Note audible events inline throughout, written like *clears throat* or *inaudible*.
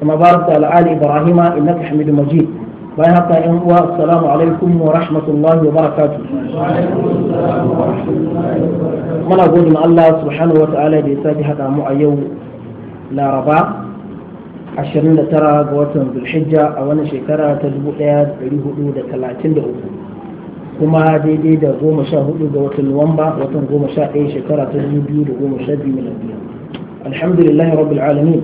كما باركت على آل إبراهيم إنك حميد مجيد bayan haka yan uwa assalamu alaikum wa rahmatullahi wa barakatuh muna godin Allah subhanahu wa ta'ala da ya sake haɗa mu a yau laraba 29 ga watan zulhijja a wani shekara ta 1433 kuma daidai da 14 ga watan nuwamba watan 11 shekara ta 2012 miladiya alhamdulillahi rabbil alamin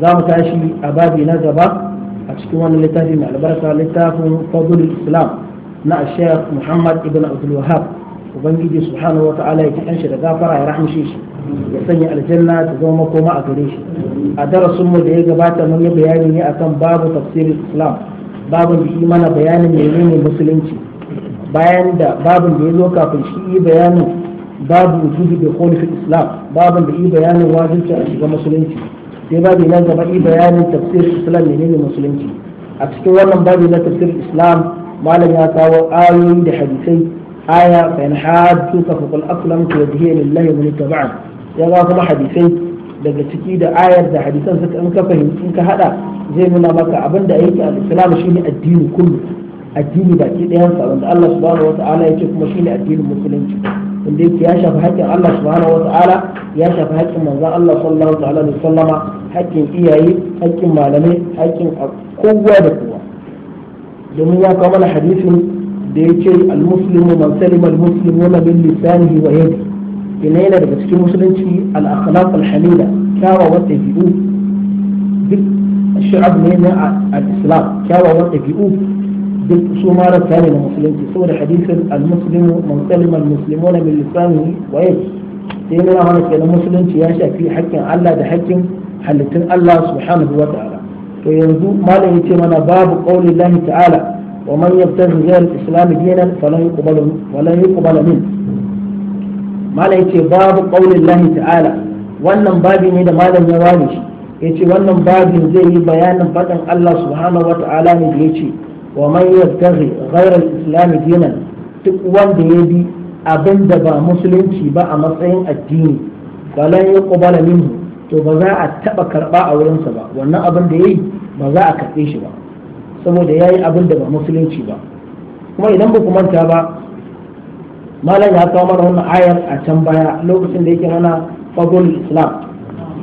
za mu tashi a babi na gaba a cikin wani littafi mai albarka littafin fadlul islam na sheikh muhammad ibn abdul wahab ubangiji subhanahu wa ta'ala ya shi da gafara ya rahmshe shi ya sanya aljanna ta zama makoma a gare shi a darasin mu da ya gabata mun yi bayani ne akan babu tafsirin islam babin da imana bayanin menene musulunci bayan da babin da ya zo kafin shi yi bayanin babu wujudu bi khulfi islam babin da yi bayanin wajibci a shiga musulunci sai babu na gaba yi bayanin tafsirin islam menene musulunci a cikin wannan babu na tafsir islam malam ya kawo ayoyi da hadisai aya fa in hadu ka fa qul aslamtu wajhiya lillahi wa littaba'a ya ga kuma hadisai daga ciki da ayar da hadisan suka in ka fahimci in ka hada zai nuna maka abin da yake a islam shine addini kullu addini baki ɗayan sa wanda Allah subhanahu wa ta'ala yake kuma shine addinin musulunci wanda yake ya shafi haƙƙin Allah subhanahu wata'ala ya shafi haƙƙin manzon Allah sallallahu ta'ala da sallama haƙƙin iyaye haƙƙin malamai haƙƙin kowa da kowa domin ya kawo mana hadisin da ya ce al-muslimu man salima al-muslimuna min lisanihi wa yadi ina yana daga cikin musulunci al-akhlaq al-hamida kyawawan ɗabi'u duk shi'ab ne na al-islam kyawawan ɗabi'u duk su ma rasa ne na musulunci saboda hadisin al-muslimu man salima al-muslimuna wa yadihi sai nuna mana kenan musulunci ya shafi haƙƙin Allah da haƙƙin halittun Allah subhanahu wa ta'ala to yanzu malam yace mana babu qauli Allah ta'ala wa man yabtaghi ghayra al-islam dinan falan yuqbalu falan yuqbalu min malam yace babu qauli Allah ta'ala wannan babi ne da malam ya wani shi yace wannan babin zai yi bayanin fadan Allah subhanahu wa ta'ala ne da yace wa ومن يبتغي غير الإسلام دينا ba ديبي ba دبا ba تيبا أمسعين الدين فلن يقبل منه to ba za a taɓa karɓa a wurinsa ba wannan abin da ya yi ba za a karɓe shi ba saboda ya yi ba musulunci ba kuma idan ba ku manta ba malam ya kawo mana wannan ayar a can baya lokacin da yake mana fagol islam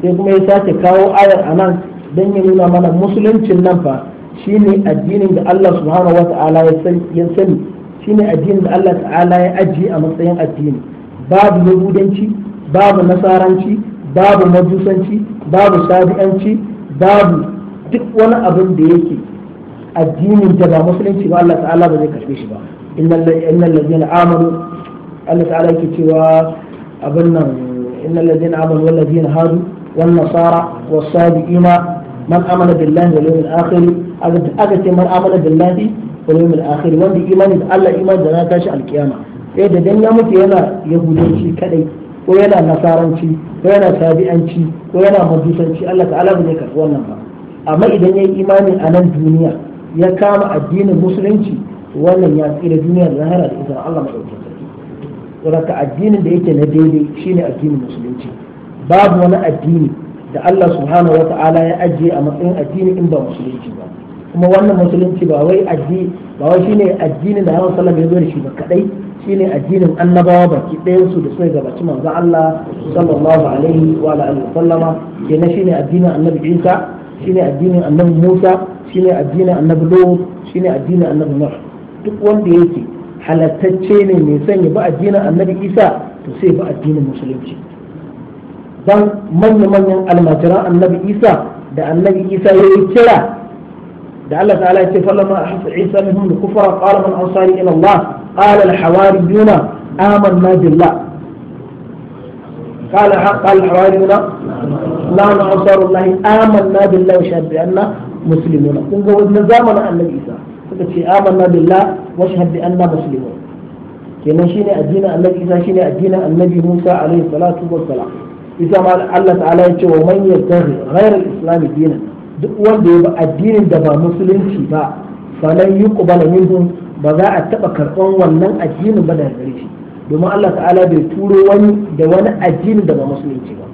sai kuma ya sake kawo ayar a nan don ya nuna mana musuluncin nan fa shine addinin da Allah subhanahu ta'ala ya sani ne addinin da Allah ta'ala ya ajiye a matsayin addini babu yahudanci babu nasaranci babu majusanci babu sabi'anci babu duk wani abin da yake addinin da ba musulunci ba Allah ta'ala ba zai karbe shi ba innal ladina amanu Allah ta'ala yake cewa abin nan innal ladina amanu wal ladina hadu wan nasara was sabiina man amana billahi wal yawmil akhir aka ce man amana billahi wal yawmil akhir wanda imani da Allah imani da na alkiyama eh da dan ya mutu yana yahudanci kadai ko yana nasaranci ko yana sabi'anci ko yana madusanci, Allah ta'ala ba zai karɓi wannan ba amma idan ya yi imani a nan duniya ya kama addinin musulunci wannan ya tsira duniya da lahira da izinin Allah madaukakin sarki saboda addinin da yake na daidai shine addinin musulunci babu wani addini da Allah subhanahu wa ta'ala ya ajiye a matsayin addini in ba musulunci ba kuma wannan musulunci ba wai addini ba wai shine addinin da Annabi sallallahu alaihi wasallam ya zo da shi ba kadai shine addinin annabawa baki ɗayan su da suka gabaci manzo Allah sallallahu alaihi wa alihi wasallama kenan shine addinin Annabi Isa shine addinin Annabi Musa shine addinin Annabi Lut shine addinin Annabi Nuh duk wanda yake halattacce ne mai sanya ba addinin Annabi Isa to sai ba addinin musulunci dan manya-manyan almajiran annabi isa da annabi isa ya yi kira da Allah ta'ala ya ce falama ahsa isa minhum al-kufra qala man ansari ila Allah qala al-hawariyuna amanna billah قال قال الحواريون لا نصر الله آمنا بالله وشهد بأننا مسلمون كنت نزامنا النبي إيسا كنت آمنا بالله وشهد بأننا مسلمون كنا شيني أدينا النبي إيسا شيني أدينا النبي موسى عليه الصلاة والسلام isa ma Allah ta'ala ya ce wa man yattabi ghayra al-islam duk wanda ya bi addinin da ba musulunci ba falan yuqbala minhum ba za a taba karban wannan addinin ba da gare shi domin Allah ta'ala bai turo wani da wani addinin da ba musulunci ba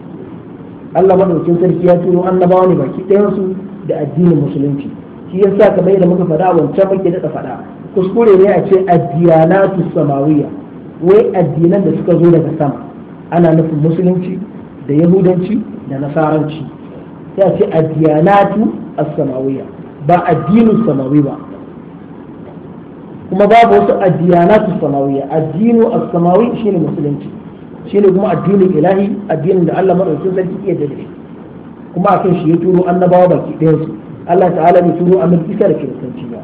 Allah madaukakin sarki ya turo annabawa ne baki ɗayan su da addinin musulunci shi yasa kamar yadda muka faɗa wancan muke da faɗa kuskure ne a ce addiyanatu samawiyya wai addinan da suka zo daga sama ana nufin musulunci da yahudanci da nasaranci ya ce adiyanatu as-samawiyya ba addinin samawi ba kuma babu wasu adiyanatu samawiyya addinu as-samawi shine musulunci shine kuma addinin ilahi addinin da Allah madaukakin sarki iya da shi kuma akan shi ya turo annabawa baki ɗayan su Allah ta'ala bai turo annabi Isa da kiristanci ba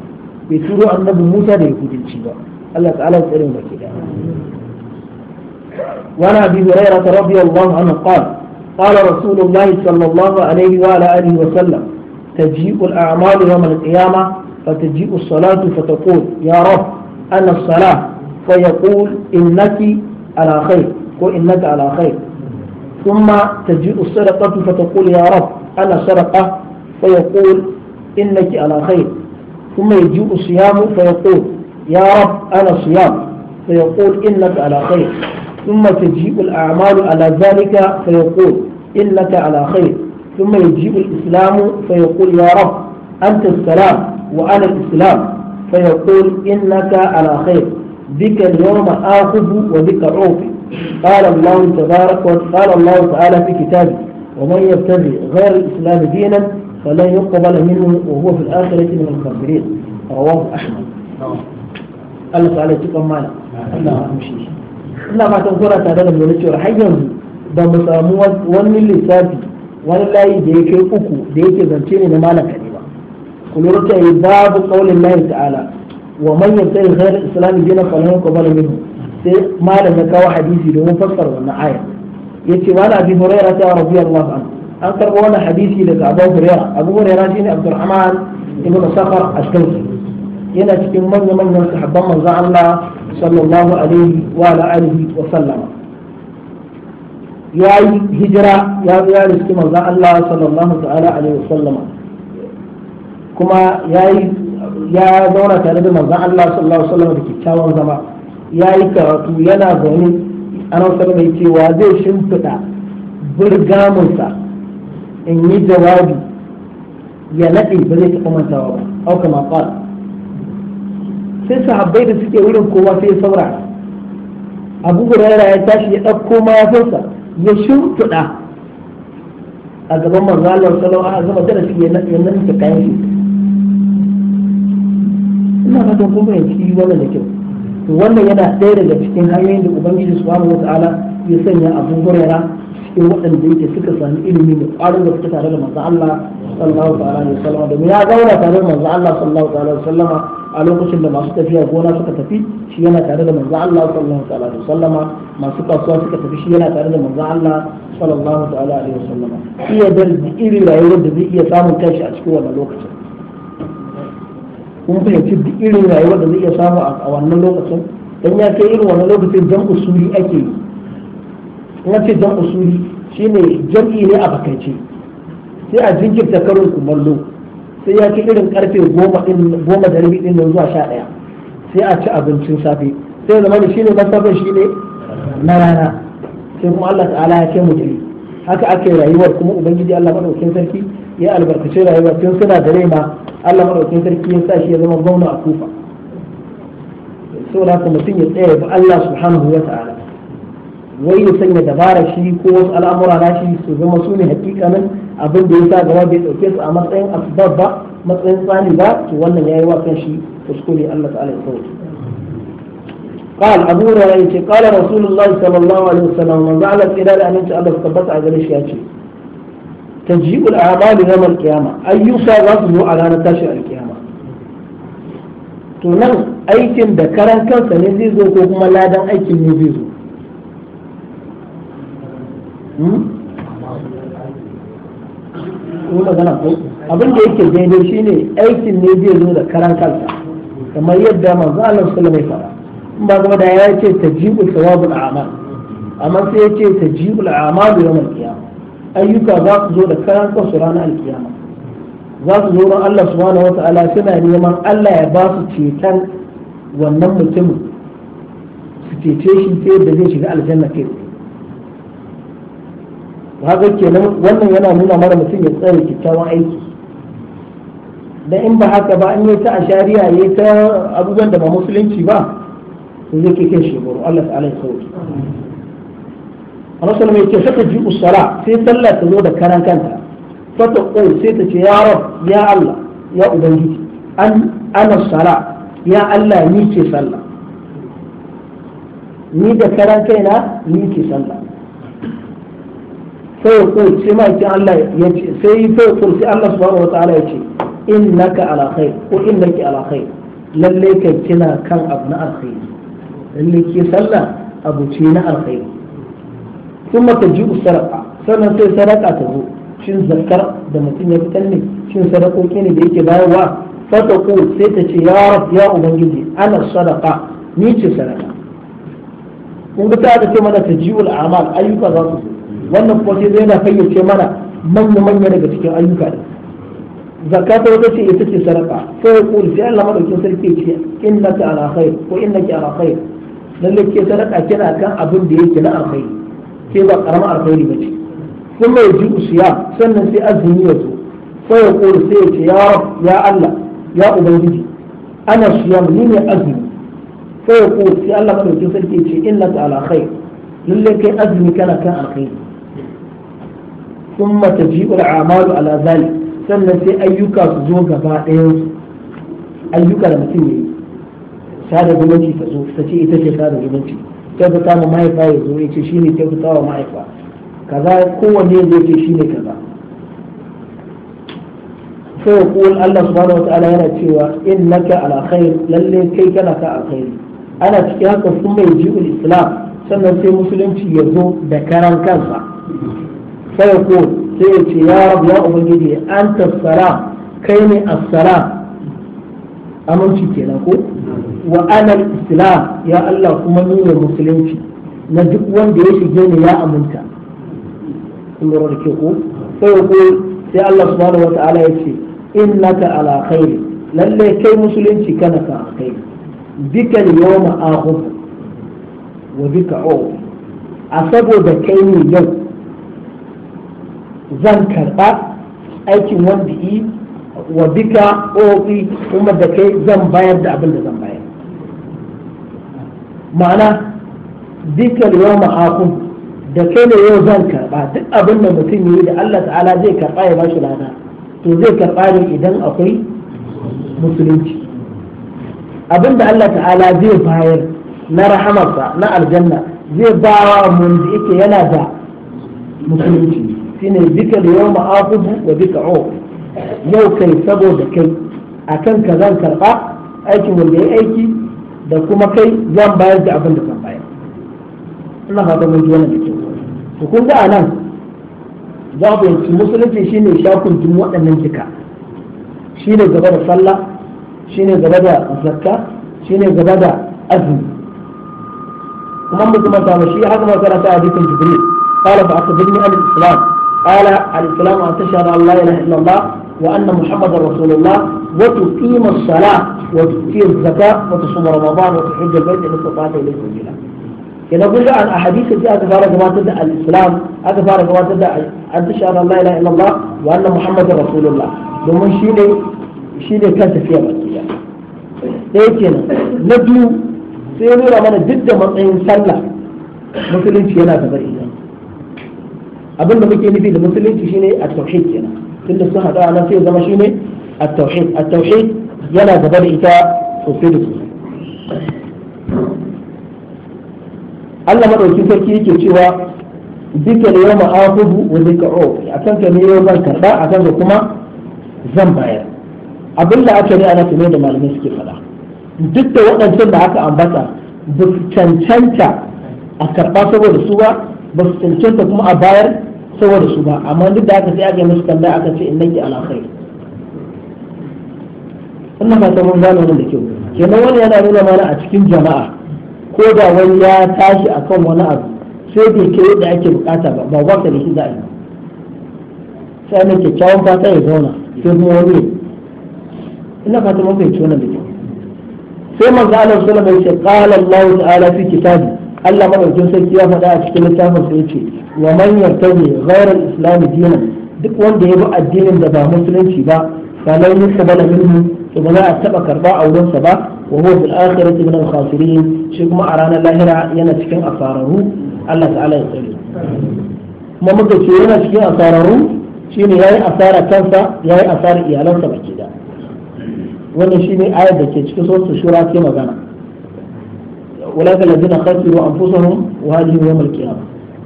bai turo annabi Musa da yahudanci ba Allah ta'ala ya tsare mu baki ɗaya وعن أبي هريرة رضي الله عنه قال قال رسول الله صلى الله عليه وعلى آله وسلم تجيء الأعمال يوم القيامة فتجيء الصلاة فتقول يا رب أنا الصلاة فيقول إنك على خير وإنك على خير ثم تجيء السرقة فتقول يا رب أنا سرقة فيقول إنك على خير ثم يجيء الصيام فيقول يا رب أنا صيام فيقول إنك على خير ثم تجيء الأعمال على ذلك فيقول إنك على خير ثم يجيء الإسلام فيقول يا رب أنت السلام وأنا الإسلام فيقول إنك على خير بك اليوم آخذ وبك عوفي قال الله تبارك قال الله تعالى في كتابه ومن يبتغي غير الإسلام دينا فلن يقبل منه وهو في الآخرة من الخاسرين رواه أحمد نعم. الله تعالى يتقبل معنا نعم. الله أمشيش ina fatan kuna tare da mu cewa har yanzu ba mu samu wani lissafi wani layi da ya kai uku da yake zance ne na malaka ba ku lura ta yi babu kaulin layi ta'ala wa sai yabtahi ghayra islam dinan falan yuqbal minhu sai malam ya kawo hadisi domin fassar wannan aya yace wala abi hurairah ta radiyallahu anhu an karɓo wani hadisi daga abu huraira abu huraira shine abdurrahman ibn a ashkansi yana cikin manya manyan sahabban manzon Allah sallallahu alaihi wa ala wa sallama ya yi hijira ya ya riski manzon Allah sallallahu wa sallama kuma ya yi ya zauna tare da manzon Allah sallallahu wa sallama da kyakkyawan zama ya yi karatu yana zaune ana sanar mai cewa zai shimfiɗa burgamunsa in yi jawabi ya naɗe auka sai sahabbai da suke wurin kowa sai ya saura abu huraira ya tashi ya ɗauko mayafinsa ya shimfiɗa a gaban manzo Allah sallallahu alaihi wasallam da suke nan nan ta kayan shi ina ga kun ci wannan da kyau wannan yana ɗaya daga cikin hanyoyin da ubangiji subhanahu wataala ya sanya abu huraira cikin waɗanda yake suka sami ilimi da ƙwarin da suka tare da manzo Allah sallallahu alaihi wasallam da ya zauna tare da manzo Allah sallallahu alaihi a lokacin da masu tafiya gona suka tafi shi yana tare da manzo Allah sallallahu alaihi wasallama masu kasuwa suka tafi shi yana tare da manzo Allah sallallahu alaihi wasallama iya da irin rayuwar da zai iya samun kanshi a cikin wannan lokacin kun fahimci duk irin rayuwar da zai iya samu a wannan lokacin dan ya kai irin wannan lokacin jan usuli ake yi in ce dan usuli shine jam'i ne a bakaice sai a jinkirta karin kumallo sai ya ci irin karfe goma da rabi din nan zuwa sha ɗaya sai a ci abincin safe sai zama da shi ne masafin shi ne na rana sai kuma Allah ta'ala ya ce mu jiri haka ake rayuwar kuma ubangiji Allah madaukakin sarki ya albarkace rayuwar tun suna da ma Allah madaukakin sarki ya sa shi ya zama zauna a kufa saboda haka mutum ya tsaya ba Allah subhanahu wa ta'ala wai ya sanya dabara shi ko wasu al'amura na shi su zama su ne hakikanin abin da ya sa gaba bai dauke su a matsayin asbab ba matsayin tsani ba to wannan yayi wa kan shi kuskure Allah ta'ala ya sauke قال أبو هريرة قال رسول الله صلى الله عليه وسلم من زعل القلال أن يجعل الله ثبت على الشياتي تجيء الأعمال يوم القيامة أيها رجل على نتاشر القيامة to nan aikin da karan kansa ne zai zo ko kuma ladan aikin ne zai zo hmm? yi magana ko abin da yake daidai shine aikin ne zai zo da karan kansa kamar yadda manzo Allah sallallahu alaihi wasallam ba kuma da ya ce tajibul thawabul a'mal amma sai ya ce tajibul a'mal yawmal qiyamah ayyuka za su zo da karan kansu ranar alkiyama za su zo ran Allah subhanahu wata'ala suna neman Allah ya ba su ceton wannan mutumin su cece shi ta yadda zai shiga aljanna kai haka kenan wannan yana nuna mara mutum ya tsare kyakkyawan aiki da in ba haka ba an yi ta ashariya ya ta abubuwan da ba musulunci ba to zai kai kai shekaru Allah alaihi ya sauke Allah sallama yake saka ji usara sai sallah ta zo da karan kanta fata ko sai ta ce ya rab ya Allah ya ubangiji an ana sala ya Allah ni ce sallah ni da karan kaina ni ce sallah sai ya ce ma ki Allah ya ce sai sai ya kul sai Allah subhanahu wataala ya ce innaka ala khair ko innaki ala khair lalle kai kina kan abu na alkhairi lalle ki sallah abu ce na alkhairi kuma ta ji usarqa sannan sai sadaka ta zo shin zakar da mutum ya fitar ne shin sadakoki ne da yake bayarwa ko sai ta ce ya rab ya ubangiji ana sadaqa ni ce sadaka kun ga ta ce mana ta ji ul amal ayyuka za su wannan kuma sai zai na fayyace mana manya manya daga cikin ayyuka ne zakka ta wata ce ita ce sadaka fa yaqul sai Allah madaukin sarki ya ce in innaka ala khair ko in innaki ala khair lalle ke sadaka kina kan abin da yake na alkhairi sai ba karama alkhairi bace kuma yaji usiya sannan sai azumi ya zo fa yaqul sai ya ce ya rab ya Allah ya ubangiji ana siyam ni ne azumi fa yaqul sai Allah madaukin sarki ya ce in innaka ala khair lalle kai azumi kana kan alkhairi ثم تجيء amadu على ذلك sannan sai ayyuka su zo gaba ɗayansu ayyuka mutum ya sada zumunci ta ce ita ce sada zumunci kyautata ma mahaifa ya zo ya ce shi ne mahaifa kaza kowanne ya ce shi kaza sai ya kuwan Allah subhanahu wa ta'ala yana cewa in naka ala kai kana ka ana cikin haka sun mai ji'ul islam sannan sai musulunci ya zo da karan kansa fa ko sai ya ce ya rabu ya ubangiji anta salam kai ne as-salam aminci kenan ko wa ana islam ya Allah kuma ni musulunci na duk wanda ya shige ni ya aminta kun da ke ko sai ko sai Allah subhanahu wataala ya ce innaka ala khairi lalle kai musulunci kana ka kai wa a saboda kai ne yau zan karɓa aikin wanda yi wa bika ofi kuma da kai zan bayar da abin da zan bayar ma'ana bika yau ma'akun da kai ne yau zan karɓa duk abin da mutum ya yi da Allah ta'ala zai karɓa ya bashi lana to zai karɓa ne idan akwai musulunci abin da Allah ta'ala zai bayar na rahamarsa na aljanna zai ba wa yake yana da musulunci shine bika da yau ma'afudu wa bika o yau kai saboda kai akan ka zan karɓa aikin wanda ya aiki da kuma kai zan bayar da abin da zan bayar ina fata zama ji wannan da kyau to kun ga anan za ku yanci musulunci shine shakun jin waɗannan jika shine gaba da sallah shine gaba da zakka shine gaba da azumi kuma mutum ta shi haka ma karanta a dukkan jibril قال فأخبرني عن الإسلام قال السلام أن تشهد أن لا إله إلا الله وأن محمدا رسول الله وتقيم الصلاة وتؤتي الزكاة وتصوم رمضان وتحج البيت إن استطعت إليه سبيلا إذا قلنا عن أحاديث التي ما تدعي الإسلام ما تدعي أن تشهد أن لا إله إلا الله وأن محمدا رسول الله domin shi ne shi ne kan tafiya baki ɗaya kenan na biyu sai ya nuna mana duk da matsayin sallah musulunci yana da bari abin da muke nufi da musulunci shine a tauhid kenan tunda sun hada nan sai zama shine a tauhid a tauhid yana gaba da ita sosai da sosai Allah madaukin sarki yake cewa duka ne yau ma'afudu wa duka o a kan ka ne yau zan karɓa a kan ka kuma zan bayar abin da aka ne ana tume da malamai suke faɗa duk da waɗancan da aka ambata ba su cancanta a karɓa saboda su ba ba su cancanta kuma a bayar saboda su ba amma duk da aka sai aka musu kalla aka ce innaki ala khair wannan ba ta mun gano da kyau kenan wani yana nuna mana a cikin jama'a ko da wani ya tashi akan wani abu sai bai kai yadda ake bukata ba ba ba da shi za a yi sai ne kyakkyawan fata ya zauna sai kuma wani ina fata mun bai tona da kyau sai manzo Allah sallallahu alaihi wasallam ya ce qala Allah ta'ala fi kitabi Allah madaukin sarki ya faɗa a cikin littafin sa yace wa man yartabi ghayra al-islam dinan duk wanda ya bi addinin da ba musulunci ba falan yusbala minhu to ba za a taba karba a wurinsa ba wa huwa fil akhirati min al-khasirin shi kuma a ranar lahira yana cikin asararu Allah ta'ala ya tsare kuma muka ce yana cikin asararu shine yayi asara kansa yayi asara iyalansa baki da wannan shine ayar da ke cikin suratul shura ke magana ولكن الذين خسروا أنفسهم وهذه يوم القيامة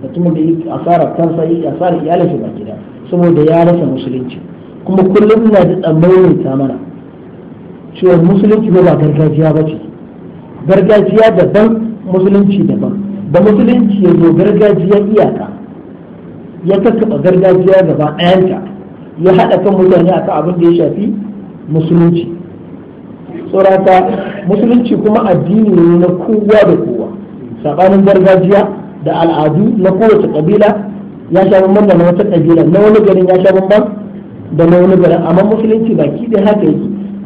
mutumin da yake asarar kansa yake asarar iyalinsa ba da saboda ya rasa musulunci kuma kullum na da tsammanin ta mana cewa musulunci ba gargajiya ba ce gargajiya daban musulunci daban da musulunci ya zo gargajiya iyaka ya kakkaba gargajiya gaba ɗayanta ya haɗa kan mutane akan abin da ya shafi musulunci tsoraka musulunci kuma addini ne na kowa da kowa sabanin gargajiya da al'adu na kowace kabila ya sha bamban da na wata kabila na wani garin ya sha bamban da na wani garin amma musulunci ki da haka yake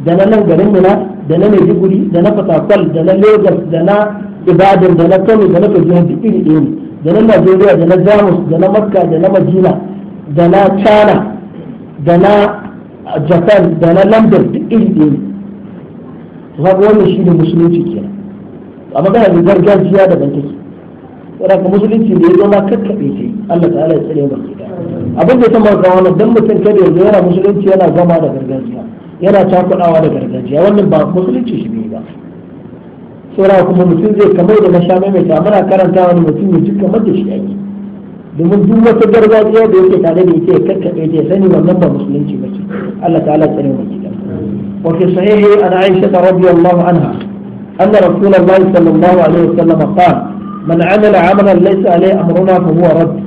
da na nan garin mina da na maiduguri da na fatakwal da na lagos da na ibadan da na kano da na kaduna duk iri ɗaya ne da na najeriya da na jamus da na makka da na madina da na china da na japan da na london duk iri ɗaya ne wannan shi ne musulunci ke a magana da gargajiya da ban take saboda musulunci da ya zo ma kakkaɓe ce Allah ta'ala ya tsare baki da abin da ya sama ga wannan dan mutum kada ya zo yana musulunci yana zama da gargajiya yana takudawa da gargajiya wannan ba musulunci shi ne ba saboda kuma mutum zai kamar da na sha ta. muna karanta wani mutum ya ji kamar da shi ake domin duk wata gargajiya da yake tare da ita ya kakkaɓe ta ya sani wannan ba musulunci ba ce Allah ta'ala ya tsare baki وفي صحيح عن عائشة رضي الله عنها أن رسول الله صلى الله عليه وسلم قال من عمل عملا ليس عليه أمرنا فهو رد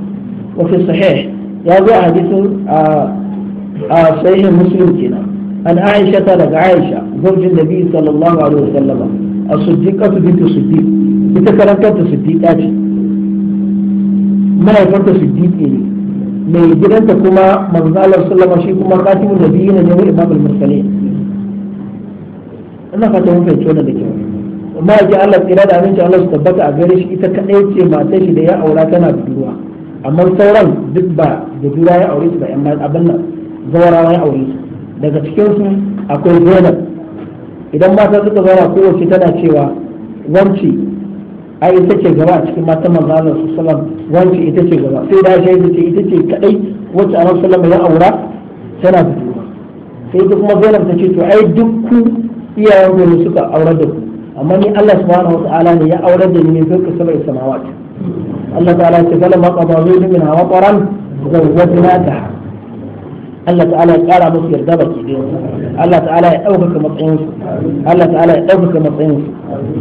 وفي صحيح هذا حديث آه، آه، صحيح مسلم كنا أن عائشة لك عائشة زوج النبي صلى الله عليه وسلم الصديقة بنت الصديق تصديق أجي ما يفرت صديق إلي ما يجب أن تكون sallallahu صلى الله عليه وسلم وشيكم مقاتب النبيين جميع إمام المرسلين ina fata mun fahimci wannan da kyau amma ya Allah tsira da aminci Allah su tabbata a gare shi ita kadai ce matar shi da ya aura tana budurwa amma sauran duk ba da budurwa ya aure su ba amma abin nan zawarawa ya aure su daga cikin su akwai Zainab idan mata suka zauna kowace tana cewa wanci a ita ce gaba a cikin matan manzo Allah sallam wance ita ce gaba sai da shaidu ce ita ce kadai wacce Allah sallama ya aura tana budurwa sai ita kuma Zainab ta ce to ai duk ku iyayen gobe suka aurar da ku amma ni Allah subhanahu wata'ala ne ya aurar da ni ne fauka sabai samawat Allah ta'ala ce kala ma qaba zai min hawa qaran zawwajnaka Allah ta'ala ya kara musu yarda baki da Allah ta'ala ya ɗaukaka matsayinsu Allah ta'ala ya ɗaukaka matsayinsu. su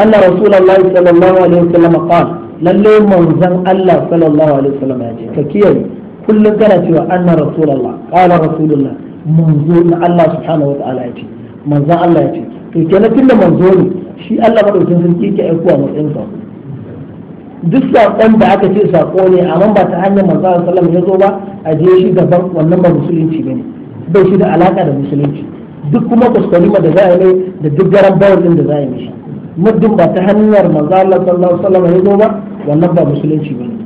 أن رسول الله صلى الله عليه وسلم قال lalle manzon Allah sallallahu alaihi wasallam ya ce ka kiyaye kullum kana cewa anna rasulullah qala rasulullah manzo na Allah subhanahu wata'ala ya ce manzan Allah ya ce to kenan tunda manzo ne shi Allah madaukin sarki ke aikowa matsayin sako duk saƙon da aka ce saƙo ne amma ba ta hanyar manzan sallam ya zo ba a je shi daban wannan ba musulunci ne bai shi da alaka da musulunci duk kuma kuskurima da za a yi da duk garan bawon din da za a yi mishi muddin ba ta hanyar manzan Allah sallallahu alaihi wasallam ya zo ba wannan ba musulunci ne.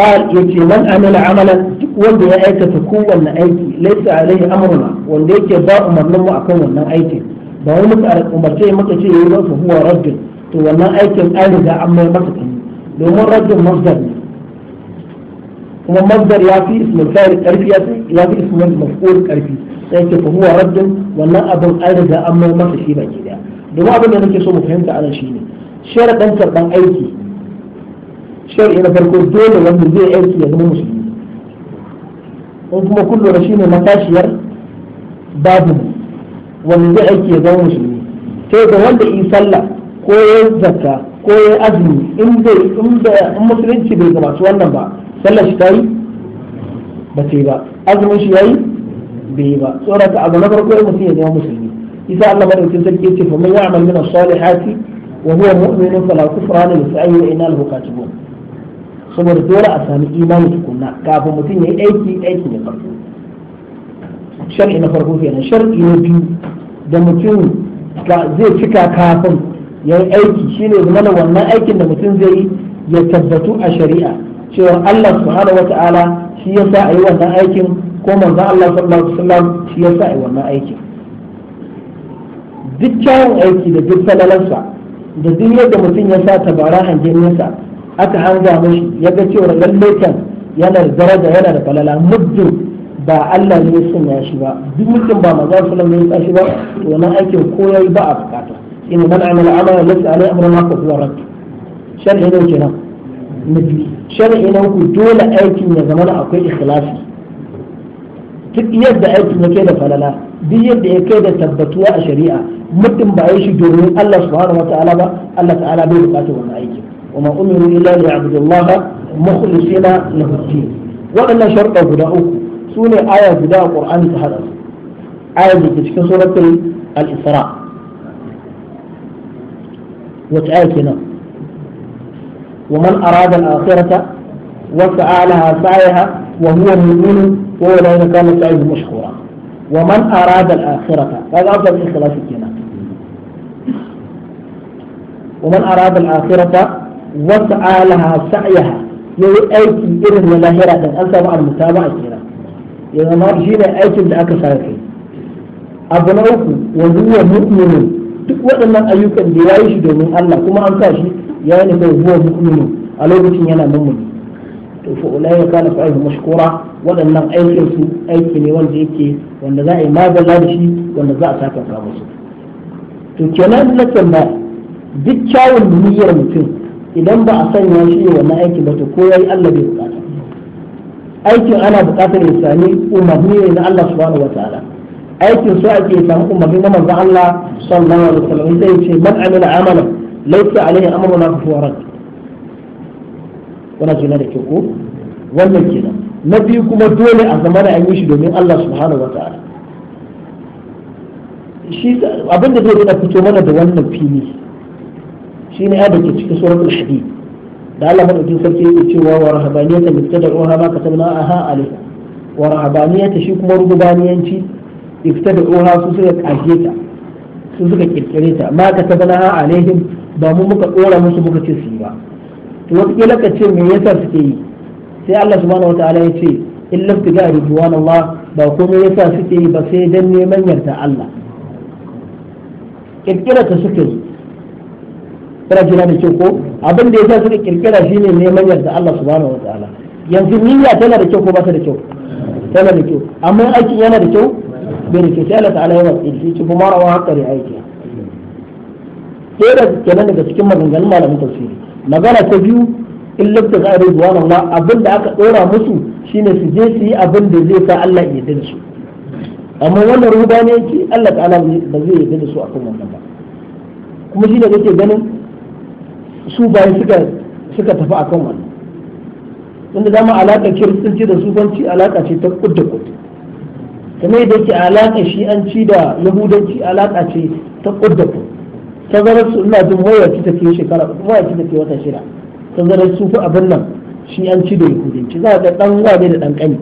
قال يتي من عمل عملا وند يا ايكا تكون ايكي ليس عليه امرنا وند يكي با امرنا مو اكن wannan aikin ba wani muka umarce muka ce yayi ba huwa radd to wannan aikin an riga an mai masa kai domin radd masdar kuma masdar ya fi ismul fa'il karfi ya fi ismul maf'ul karfi sai yake fa huwa radd wannan abin an riga an mai masa shi baki daya domin so mu fahimta anan shine sharadin karban aiki shar'i na farko dole wanda zai aiki ya zama musulmi in kuma kullu da shine matashiyar babu wanda zai aiki ya zama musulmi sai da wanda yi sallah ko ya zakka ko ya azumi in bai in da musulunci bai su wannan ba sallar shi ta yi ba ta yi ba azumin shi yayi bai yi ba tsoraka abu na farko ya mutum ya zama musulmi isa Allah madaukakin sarki yace fa man ya'mal min as-salihati wa huwa mu'minun fala kufrana li sa'i wa inna lahu katibun saboda dole a sami imani tukunna kafin mutum ya yi aiki aiki na farko shar'i na farko kenan shar'i na biyu da mutum zai cika kafin ya yi aiki shine zama wannan aikin da mutum zai yi ya tabbatu a shari'a cewa Allah subhanahu wata'ala shi ya sa a yi wannan aikin ko manzo Allah sallallahu alaihi wasallam shi ya sa a yi wannan aikin duk kyawun aiki da duk salalarsa da duk yadda mutum ya sa tabara hangen nesa aka hanga mashi ya ga cewa lalle kan yana da daraja yana da falala muddin ba Allah ne ya sanya shi ba duk mutum ba maza su ne ya shi ba to wannan aikin ko yayi ba a bukata in man amala amala laysa alai amrun fa huwa rad sharhi ne kenan nabi sharhi ne ku dole aikin ya zama akwai ikhlasi duk yadda aikin yake da falala duk yadda ya kai da tabbatuwa a shari'a mutum ba ya shi domin Allah subhanahu wataala ba Allah ta'ala bai bukata wannan aikin وما أمروا إلا ليعبدوا الله مخلصين له الدين وأن شرط غدا سورة آية بداء القرآن تهدى آية في سورة الإسراء وتآية ومن أراد الآخرة وسعى لها سعيها وهو مؤمن لا كان سعيه مشكورا ومن أراد الآخرة هذا أفضل الإخلاص كنا ومن أراد الآخرة wasu alaha sa'ayaha ya yi aiki irin na lahira ɗin an samu almutaba a kira ya zama shi ne aikin da aka sa kai abu na uku wa huwa duk waɗannan ayyukan da ya yi shi domin Allah kuma an sa shi ya yi mai huwa mu'minun a lokacin yana mummuni to fa ulai kana na ayyuhu mashkura waɗannan aikin su aiki ne wanda yake wanda za a yi magana da shi wanda za a saka musu to kenan na ba duk kyawun niyyar mutum idan ba a sanya shi wannan aiki ba to ko yayi Allah bai bukata aikin ana bukatar ya sami umarni ne na Allah subhanahu wataala aikin so ake ya samu umarni na manzon Allah sallallahu alaihi wasallam sai ya ce man amila amalan laysa alaihi amruna fa huwa rad wannan jina da ke ko wannan kenan na biyu kuma dole a zamana an yi shi domin Allah subhanahu wataala shi abinda da zai fito mana da wannan fili shine ya dauke cikin suratul hadid da Allah madaukin sarki yake cewa wa rahabaniyata mubtada'uha ma katabna aha alaiha wa rahabaniyata shi kuma rububaniyanci ibtada'uha su suka kage ta su suka kirkire ta ma katabna alaihim ba mu muka dora musu muka ce su yi ba to wata ka ce me yasa suke yi sai Allah subhanahu wataala ya ce illa ibtida'a ridwanallah ba komai yasa suke yi ba sai dan neman yarda Allah kirkira ta suke yi kuna jina da kyau ko abin da ya sa suka kirkira ne neman yarda Allah subhanahu wa ta'ala yanzu niyya tana da kyau ko ba ta da kyau tana da kyau amma aikin yana da kyau bai da kyau sai Allah ta'ala ya watsi shi kuma rawa hakari aiki sai da kenan daga cikin maganganun malamin tafsiri magana ta biyu in lafta za a zuwa nan abin da aka dora musu shine su je su yi abin da zai sa Allah ya yarda su amma wannan ruba ne ki Allah ta'ala ba zai yarda da su akan wannan ba kuma shi ne kake ganin su bayan suka suka tafi kan wannan inda dama alaka kiristanci da sufanci alaka ce ta kud da kud kamar yadda yake alaka shi'anci da yahudanci alaka ce ta kud da kud tazarar su ina jin waya ci ke shekara waya ci ke wata shida tazarar su fi abin nan shi'anci da yahudanci za ga dan wane da dan kani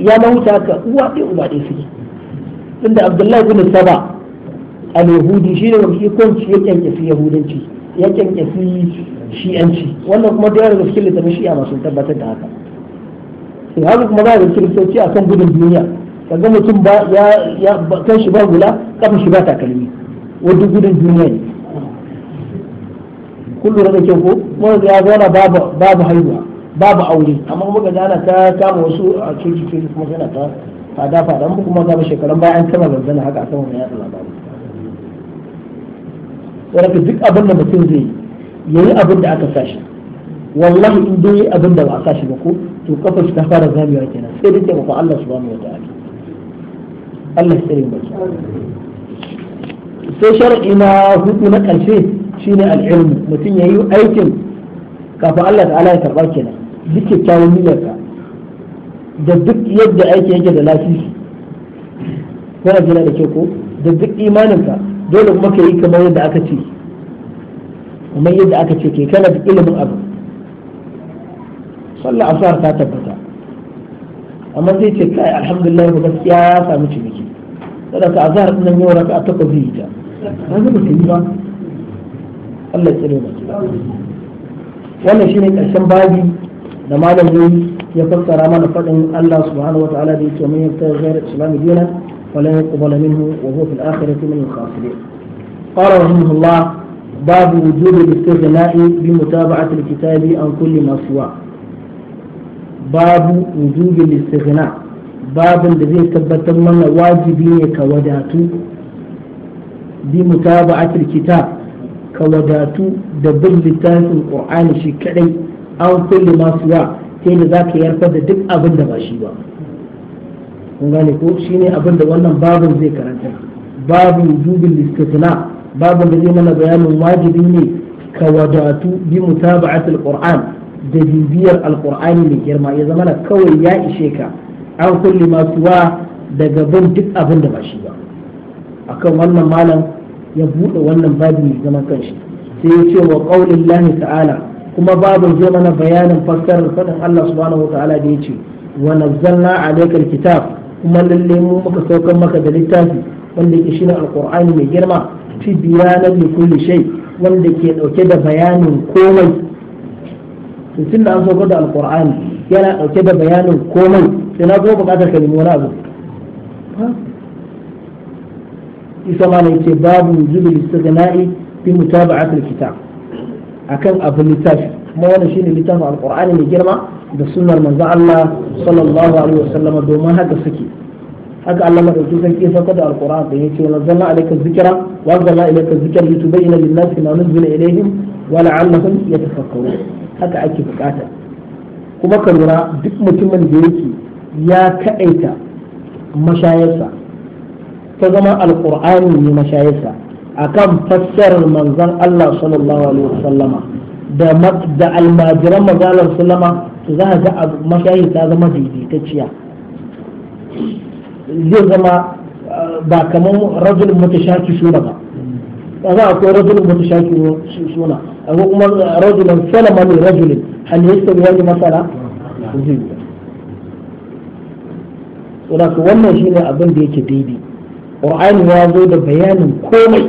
ya na huta haka uwa ɗaya uba ɗaya suke inda abdullahi bin saba al-yahudi ne wanda ya kwanci ya kyankyasi yahudanci ya an shi'anci wannan kuma da yawa daga cikin littafin shi'a masu tabbatar da haka sai haka kuma za a ga kiristoci a kan gudun duniya ka kaga mutum ba ya kan shi ba gula kafin shi ba takalmi wadda gudun duniya ne kullum da kyau ko kuma ya zauna babu babu haihuwa babu aure amma muka ga ana ta kama wasu a cikin coci kuma suna ta fada fada kuma ga shekaran bayan kama zanzana haka a saman ya tsala wadda duk abin da mutum zai yi yayi abin da aka sashi wallahi in dai abin da ba a sashi ba ko to kafar shi ta fara zamewa kenan sai da taimako Allah subhanahu wataala Allah ya tsare mu sai shar'i na hudu na karshe shine al-ilmu mutum yayi aikin kafin Allah ta'ala ya karba kenan duk kyakkyawan niyyarka da duk yadda aiki yake da lafiya ko jira da ke ko da duk imaninka dole kuma ka yi kamar yadda aka ce kamar yadda aka ce ke kana da ilimin abu sallar asar ta tabbata amma zai ce kai alhamdulillah ba gaskiya ya sami ciniki kada ka azhar din yau raka a takwas zai yi ta na zama ta yi ba Allah ya tsare wannan shine karshen babi da malam ya fassara mana faɗin Allah subhanahu wa ta'ala da yake mun yabta ghairu islami dinan فلن يقبل منه وهو في الآخرة من الخاسرين قال رحمه الله باب وجوب الاستغناء بمتابعة الكتاب عن كل ما سواه باب وجوب الاستغناء باب الذي ثبت من واجبين كوداتو بمتابعة الكتاب كوداتو دبر لتاف القرآن شكري عن كل ما سواه تين ذاك يرفض دب أبن باشيبا kun gane ko ne abin da wannan babin zai karanta babin dubin istitna babin da zai mana bayanin wajibi ne ka wadatu bi mutaba'atul qur'an da bibiyar alqur'ani mai girma ya zama kawai ya ishe ka an kulli masuwa daga bin duk abin da ba shi ba akan wannan malam ya buɗe wannan babi mai zaman kanshi sai ya ce wa qaulin ta'ala kuma babin zai mana bayanin fassarar faɗin Allah subhanahu wa ta'ala da ya ce wa nazzalna alaikal kitab kuma lalle mu muka saukar maka da littafi wanda yake shine alqur'ani mai girma fi bayanan bi kulli shay wanda ke dauke da bayanin komai to da an saukar da alqur'ani yana dauke da bayanin komai sai na zo bukatar ka nemi wani abu isa ma ne ce babu wujubul istighna'i bi mutaba'atil kitab akan abin littafi kuma wannan shine littafin alqur'ani mai girma da sunnar manzo Allah sallallahu alaihi wasallam domin haka suke haka Allah madauki sarki ya saukar da alqur'ani da yake wa nazzalna alayka dhikra wa anzalna ilayka dhikra litubayyana lin-nasi ma nuzila ilayhim wa la'allahum yatafakkarun haka ake bukata kuma ka lura duk mutumin da yake ya kaɗaita mashayarsa ta zama al'kur'ani ne mashayarsa a kan fassarar manzon Allah sallallahu alaihi wasallama da almajiran mazalar sulama to za a ga mashayi ta zama daidaitacciya zai zama uh, ba kamar rajul shaki suna ba ba za a ko rajul shaki suna akwai kuma rajulun salama ne rajulun hal yastawi wani masara zai su wannan shi ne abin da yake daidai qur'ani ya zo da bayanin komai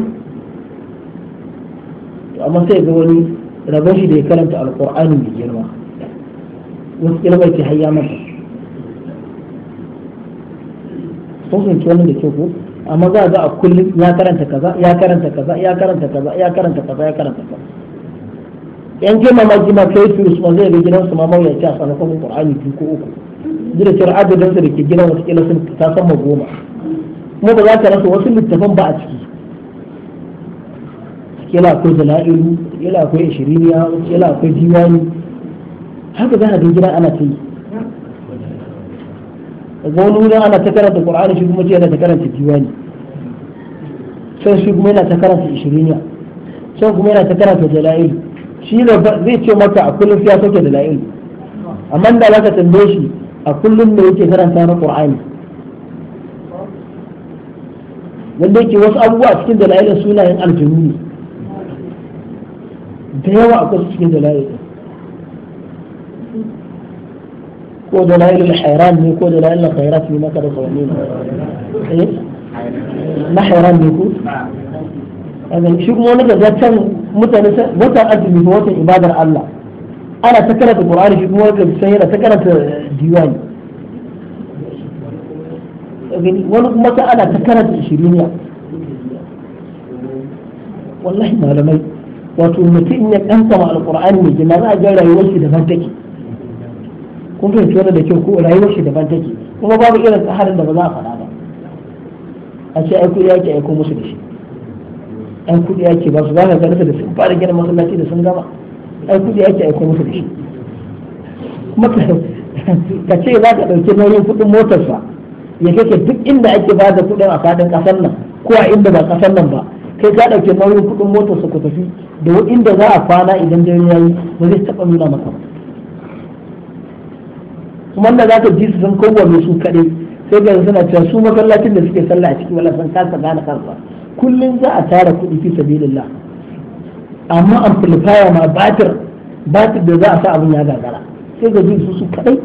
amma sai ga wani rabar shi da ya karanta alkur'ani mai girma wasu girma ce hayya mata sun wani da kyau ko amma za a ga a kullum ya karanta kaza ya karanta kaza ya karanta kaza ya karanta kaza ya karanta kaza yan jima ma jima kai su su ma zai ga gidansu ma mawuyaci a sanakon qur'ani biyu ko uku duk da cewa adadin su da ke gidan wasu kila sun ta sama goma kuma ba za ta rasa wasu littafan ba a ciki kila akwai jala'ilu kila akwai ishiriniya kila akwai diwani haka za a ga gida ana ta yi wani wurin ana ta karanta qur'ani shi kuma yana ta karanta diwani sai shi kuma yana ta karanta ishiriniya sai kuma yana ta karanta jala'ilu shi ne zai ce maka a kullum ya sauke zala'ilu amma da za ka tambaye shi a kullum ne yake karanta na qur'ani wanda yake wasu abubuwa cikin dalilin sunayen aljanu ne انت يوا اقول لك دلائل كو دلائل الحيران مي كو دلائل الخيرات مي ما كان قوانين إيه؟ ما حيران مي كو انا شوف مو نقدر ذات كان متى متى ازمي هو عباده الله انا سكرت القران شوف مو نقدر سيره سكرت ديوان ولو متى انا سكرت شيرينيا والله ما لميت wato mutum ya wa alkur'ani ne jina za a ga rayuwar shi daban take kun fahimci wannan da kyau ko rayuwar shi daban take kuma babu irin tsarin da ba za a faɗa ba a ce ai kuɗi ke aiko musu da shi ai kuɗi ke ba su za ka da sun fara gina masallaci da sun gama ai kuɗi ke aiko musu da shi kuma ka ce za ka ɗauki nauyin kuɗin motarsa ya kake duk inda ake ba da kuɗin a faɗin ƙasar nan ko a inda ba ƙasar nan ba kai ka ɗauke nauyin kuɗin motar su ku tafi da inda za a kwana idan dare ya yi ba zai taɓa nuna maka kuma da za ka ji su kowa ne su kaɗai sai ga suna cewa su masallacin da suke sallah a cikin wala san kasa gane kansa kullum za a tara kuɗi fi sabilillah amma amplifier ma batir batir da za a sa abin ya gagara sai ga su su kadai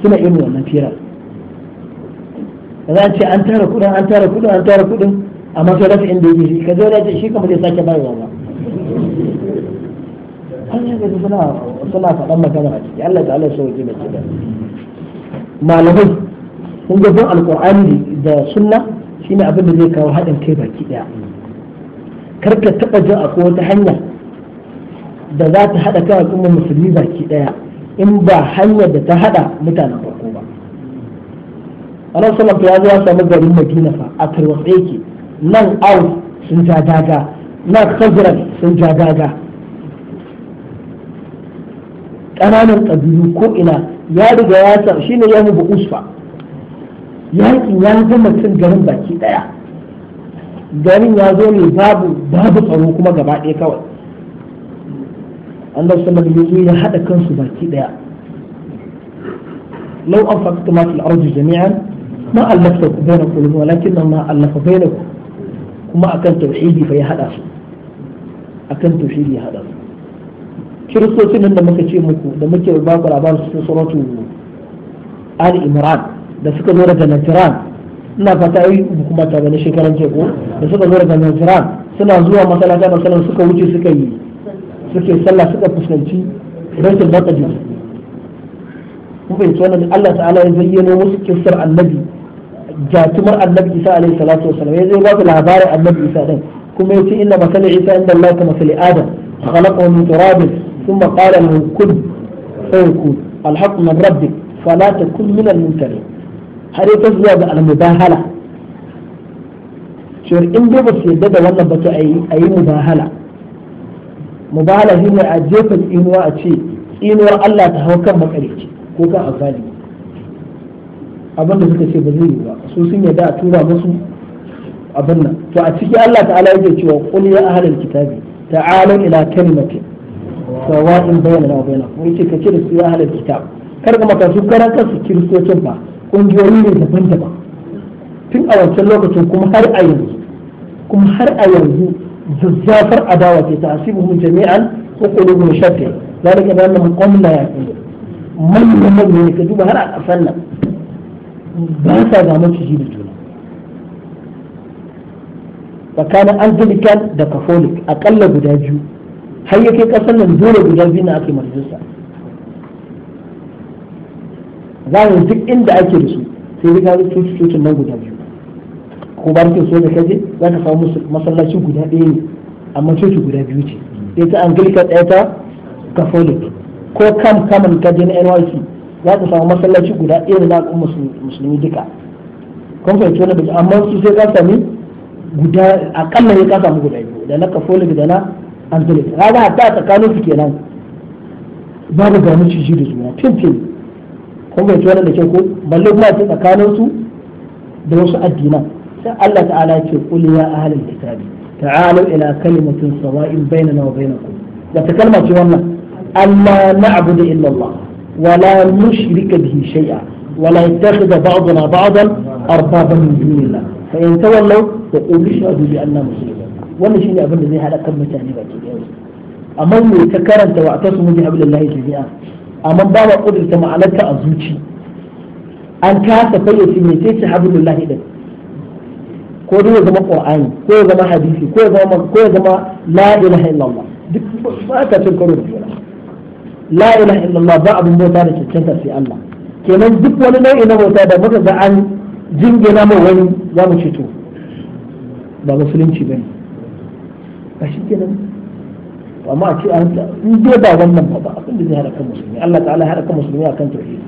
suna irin wannan firar da za a ce an tara kudin an tara kudin an tara kudin amma sai rasa inda yake shi ka zo da shi kamar zai sake bayarwa ba an yi gaji suna suna faɗan magana a ciki Allah ta'ala ya sauke da kida malamai kun ga bin alqur'ani da sunna shine abin da zai kawo haɗin kai baki ɗaya. kar ka taɓa jin a wata hanya da za ta haɗa kan al'ummar musulmi baki ɗaya in ba hanyar da ta haɗa mutanen farko ba. Allah sallallahu alaihi wasallam ya zo ya samu garin Madina fa a tarwatsa yake nan aus sun ja daga nan khazraj sun ja daga ƙananan ƙabilu ko ina ya riga ya sa shine ya mu usfa yakin ya ga mutum garin baki ɗaya garin ya zo ne babu babu tsaro kuma gaba ɗaya kawai Allah sallallahu ya haɗa kansu baki ɗaya لو أنفقت ما في الأرض جميعا ما ألفت بين ولكن ما na بينكم kuma akan tauhidi fa ya hada su akan tauhidi ya hada su kiristocin nan da muka ce muku da muke ba ku labarin su suratu ali imran da suka zo daga natiran ina fata yi kuma ta bane shekaran ce ko da suka zo daga natiran suna zuwa masallaci da sallan suka wuce suka yi suke sallah suka fuskanci baitul maqdis kuma yace wannan Allah ta'ala ya zayyano musu kissar annabi jatumar annabi isa alaihi salatu wasallam ya zai ba su labarin annabi isa din kuma yace inna masali isa inda Allah ka masali adam khalaqahu min turabin thumma qala lahu kun fayakun alhaq min rabbik fala takun min al-mumtari har ya zuwa ga al-mubahala cewar in dai ba su yadda da wannan ba to ayi mubahala mubahala shine a jefa tsinuwa a ce tsinuwar Allah ta hau kan makarici ko kan azalimi abin da suka ce ba zai yi ba su sun yarda a tura musu abin nan to a ciki Allah ta'ala yake cewa qul ya ahlal kitabi ta'alu ila kalimatin sawa'in bainana wa bainakum yace kace da su ya ahlal kitab kar ga ka su karan kansu kiristocin ba kungiyoyi ne daban-daban tun a wancan lokacin kuma har a yanzu kuma har a yanzu zazzafar adawa ce ta asibuhum jami'an wa qulubuhum shatta zalika bi annahum qawmun la yaqilun manyan manyan ka duba har a kasan nan ba sa ga maciji da juna tsakanin anglican da catholic akalla guda biyu har yake kasar nan dole guda biyu na ake majalisa za mu duk inda ake da su sai dai ga cututtukan nan guda biyu ko ba barkin so da kaje za ka samu masallaci guda ɗaya ne amma coci guda biyu ce ita ta anglican ɗaya ta catholic ko kam kamar kaje na nyc za ka samu masallaci guda irin na za musulmi duka kun fahimci wani daga amma su sai ka sami guda akalla ne ka samu guda biyu da na kafolik da na antolik kaga hatta tsakanin su kenan babu gano ciji da juna fimfim kun fahimci wani da ke ko balle kuma ta tsakanin su da wasu addinan sai Allah ta'ala ce qul ya ahlul kitabi ta'alu ila kalimatin sawa'in bainana wa bainakum wata kalma ce wannan Allah abu da illallah. ولا نشرك به شيئا ولا يتخذ بعضنا بعضا أربابا من دون الله فإن تولوا فقولوا اشهدوا بأننا مسلمون ولا شيء أبدا زي هذا كم متعني بكي amma mu ta karanta wa tasmu bi hablillahi jami'a amma ba ma kudurta ma'anarta a zuci an kasa fayyace me ce ce hablillahi din ko dai ya zama qur'ani ko ya zama hadisi ko ya zama ko ya zama la ilaha illallah duk ba ta cin karo da juna لا إله إلا الله بعض الموتى لشتنت في الله كما نزق ولنا إلى موتى دا مكذا عن جنجنا موين زامو شتو دا مسلم شبين أشي كنا وما أشي أنت نزق دا ومن مبا أقل بذي هرق المسلمين الله تعالى هرق المسلمين أكن توحيد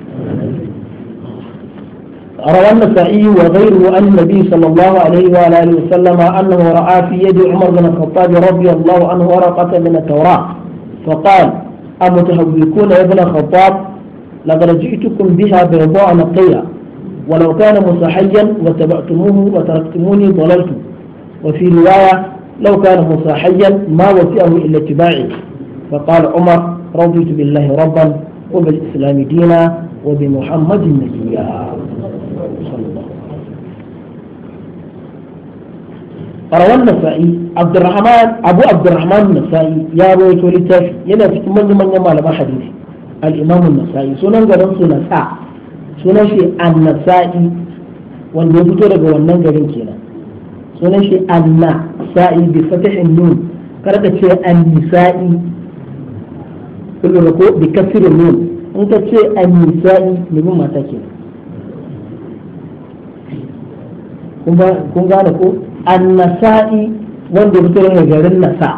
روى النسائي وغيره أن النبي صلى الله عليه وآله وسلم أنه رأى في يد عمر بن الخطاب رضي الله عنه ورقة من التوراة فقال أمتهوكون يا ابن الخطاب لقد جئتكم بها برضاء نقية ولو كان مصاحيا واتبعتموه وتركتموني ضللت وفي رواية لو كان مصاحيا ما وفئه إلا اتباعي فقال عمر رضيت بالله ربا وبالإسلام دينا وبمحمد نبيا روى النسائي عبد الرحمن ya عبد الرحمن النسائي يا yana cikin تافي manyan في من من يما nasa'i sunan garin su سنن قدن سنساء سنن شيء wanda ya fito daga wannan garin kenan sunan shi anna sa'i bi fatihin nun karka ce an-nisa'i kullu bi nun in ka ce ne mun mata kenan kun gane ko annasa'i wanda ya fito daga garin nasa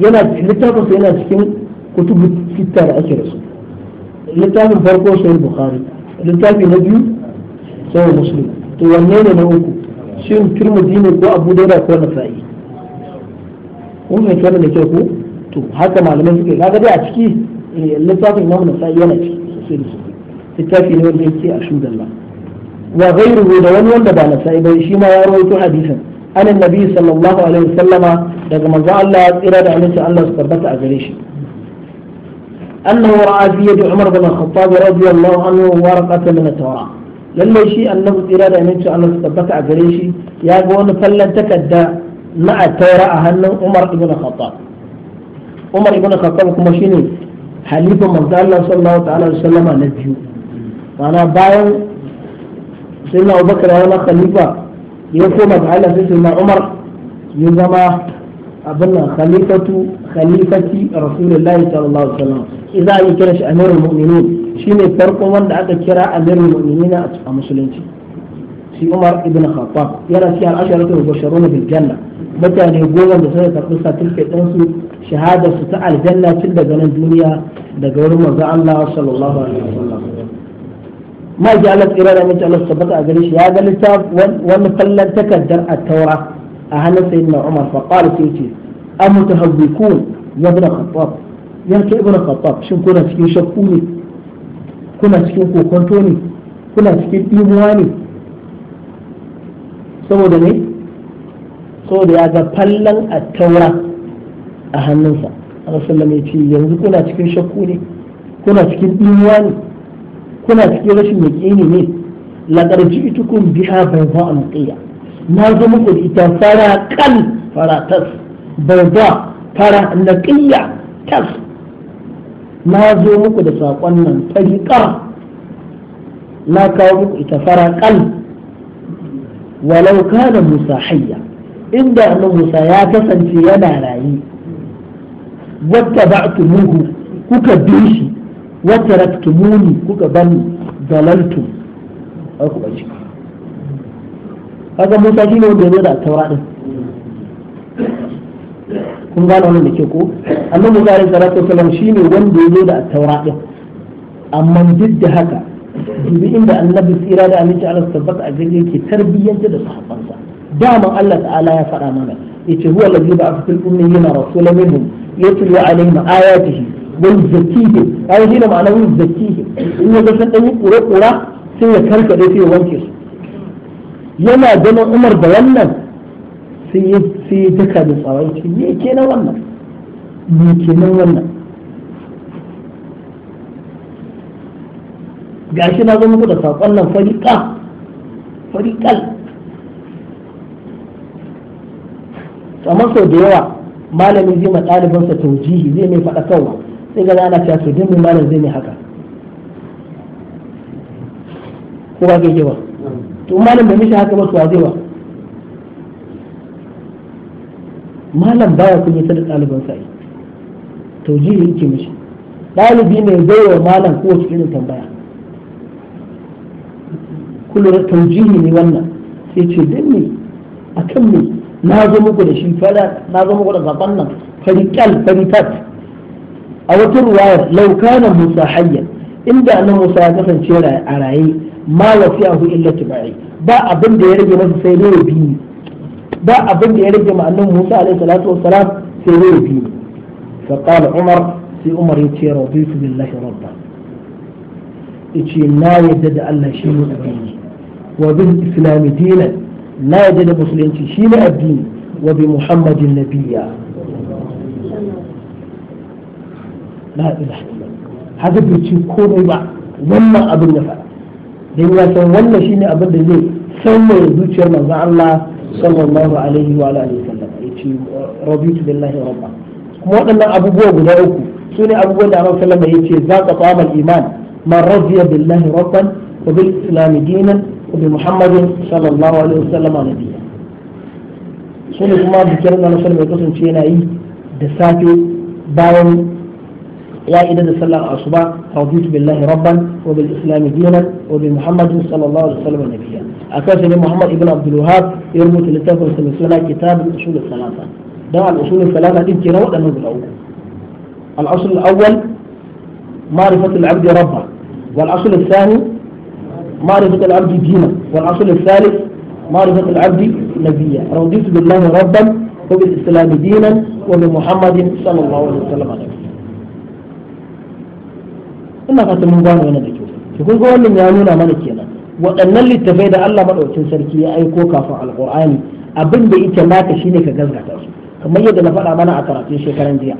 yana littafin sa yana cikin kutubu sita da ake rasu littafin farko sahih bukhari littafi na biyu sahih muslim to wanne ne na uku shin turmudi ne ko abu dauda ko nasa'i kun mai kyau da kyau ko to haka malamai suke kaga dai a ciki littafin imamu nasa'i yana ciki sosai da sosai littafi ne wanda yake a shudan Allah وغيره ده وان وان دبانا سايبا يشيما يرويتو حديثا أن النبي صلى الله عليه وسلم لقم الله الله إرادة عنه سأل الله سكربت أجريش أنه رأى في يد عمر بن الخطاب رضي الله عنه ورقة من التوراة لما يشي النبي إرادة عنه سأل الله سكربت أجريش يا قوان فلن تكد مع التوراة أهنه عمر بن الخطاب عمر بن الخطاب كمشيني حليف مرضى الله صلى الله عليه وسلم نجيو وأنا باين sai na abubakar ya zama khalifa ya koma ga Allah sai na umar ya zama abin nan khalifatu khalifati rasulullahi sallallahu alaihi wasallam idza yi kira shi amirul mu'minin shine farkon wanda aka kira amirul mu'minin a musulunci si umar ibn khattab yana cikin al'asharatu mubashirun bil janna mutane goma da suka karɓi certificate ɗin su shahada ta aljanna tun daga nan duniya daga wurin manzo Allah sallallahu alaihi wasallam ma ji Allah tsira da mace Allah a gare shi ya ga wani kallon takardar at-taura a hannun sayyidina Umar fa sai ce am tahabbikun ya ibn ya ke ibn Khattab shin kuna cikin shakku ne kuna cikin kokonto ne kuna cikin dimuwa saboda ya ga fallan at-taura a hannunsa Allah sallallahu alaihi ya ce yanzu kuna cikin shakku ne kuna cikin dimuwa kuna cikin rashin yaƙini ne laqad ji'tukum biha bai a naqiya na zo muku da ita fara kan fara tas bai bayda fara naqiya tas na zo muku da saƙon nan fariƙa na kawo muku ita fara kan walau kana musa hayya inda annabi musa ya kasance yana rayi wata ba'tumuhu kuka bi shi wa taraktumuni kuka ban dalaltu ai ku shi kaga Musa shine wanda ya zo da taura din kun gane wannan da ke ko annabi Musa alaihi salatu wasallam shine wanda ya zo da taura din amma duk da haka dubi inda annabi tsira da aminci Allah tabbata a gari yake tarbiyyanta da sahabbansa dama Allah ta'ala ya faɗa mana yace huwa allazi ba'atha fil ummiyina rasulan minhum yatlu alaihim ayatihi yana ganin umar da wannan sai ya daka da tsawon ce me wannan me wannan gashi na zama da saƙon nan fariƙa fariƙal amma sau da yawa malamin zai ma ɗalibansa taujihi zai mai faɗa kawai sai ga ana cewa to din malam zai ne haka ko ba ke ba to malam bai mishi haka ba to zai ba malam baya kun yi ta da ɗaliban sa'i taujihi yake mishi ɗalibi ne zai wa malam kowace irin tambaya kullum taujihi ne wannan sai ce dan ne akan ne na zo muku da shi fara na zo muku da zaban nan farikal fariƙat a wata ruwayar laukanan musa hayya inda annan musa ya kasance a raye ma wasiyahu illa tibai ba abin da ya rage masa sai ne biyu ba abin da ya rage ma annan musa alaihi salatu salam sai ne biyu fa qala umar sai umar ya ce raditu billahi rabba yace na yadda da Allah shi ne addini wa bil islam dinan na yadda da musulunci shi ne addini wa bi muhammadin nabiyya la ilaha haka bai ce komai ba wannan abin ya faɗa dan ya san wannan shine abin da zai sanya zuciyar manzon Allah sallallahu alaihi wa alihi wasallam yace rabitu billahi rabba kuma waɗannan abubuwa guda uku su ne abubuwan da Annabi sallallahu alaihi wasallam yace za ka qama iman man radiya billahi rabban wa bil islam dinan wa bi muhammadin sallallahu alaihi wasallam nabiyya su ne kuma bikirin da Annabi sallallahu alaihi wasallam ya kasance yana yi da safe bayan يا إذا صلى الصبح رضيت بالله ربا وبالإسلام دينا وبمحمد صلى الله عليه وسلم نبيا أكاس محمد ابن عبد الوهاب يربط لتفر سنسونا كتاب الأصول الثلاثة ده الأصول الثلاثة دي كنا الأول الأصل الأول معرفة العبد ربه والأصل الثاني معرفة العبد دينا والأصل الثالث معرفة العبد نبيا رضيت بالله ربا وبالإسلام دينا وبمحمد صلى الله عليه وسلم نبيا ina fatan mun gano wannan da kyau to kun ga wannan ya nuna mana kenan waɗannan littafai da Allah madaukakin sarki ya aiko kafin alqur'ani abin da yake naka shine ka gazgata su kamar yadda na faɗa mana a karatun shekaran jiya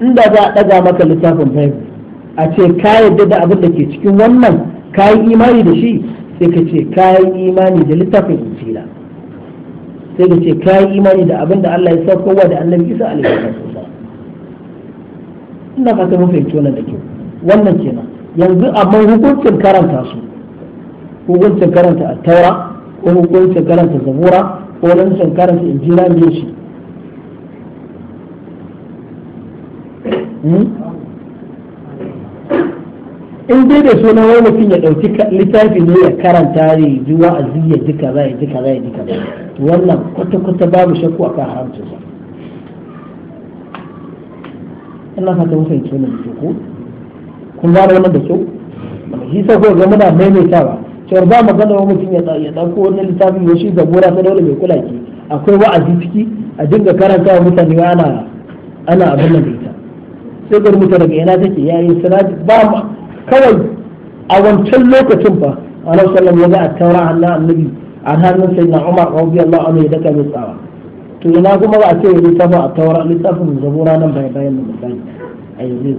inda za a ɗaga maka littafin bible a ce ka yadda da abin da ke cikin wannan ka yi imani da shi sai ka ce ka yi imani da littafin injila sai ka ce ka yi imani da abin da Allah ya saukowa da annabi Isa alaihi wasallam ina fata mun fahimci wannan da kyau wannan kenan yanzu amma hukuncin karanta su hukuncin karanta a taura, ko hukuncin karanta zabura ko hukuncin karanta injila ne shi hmm? in dai da suna wani mutum ya ɗauki littafi ne ya karanta ya yi juwa a ziya duka za ya duka za ya duka za wannan kwata-kwata babu shakku a kan haramcinsa ina fata mutum ke nan ko kun gane wannan da kyau shi sai zama ga maimaita ba cewar ba magana wa mutum ya da dauko wani littafin ya shi zabura ta dole mai kula ki akwai wa'azi ciki a dinga karanta wa mutane ana ana abin da ita sai ga rubuta daga yana take yayi siraj ba ma kawai a wancan lokacin fa Allah sallallahu alaihi wasallam ya taura Allah annabi a hannun sayyidina Umar radiyallahu anhu ya daka mai tsawa to ina kuma ba a ce littafin a taura littafin zabura nan bayan bayan mutane a yanzu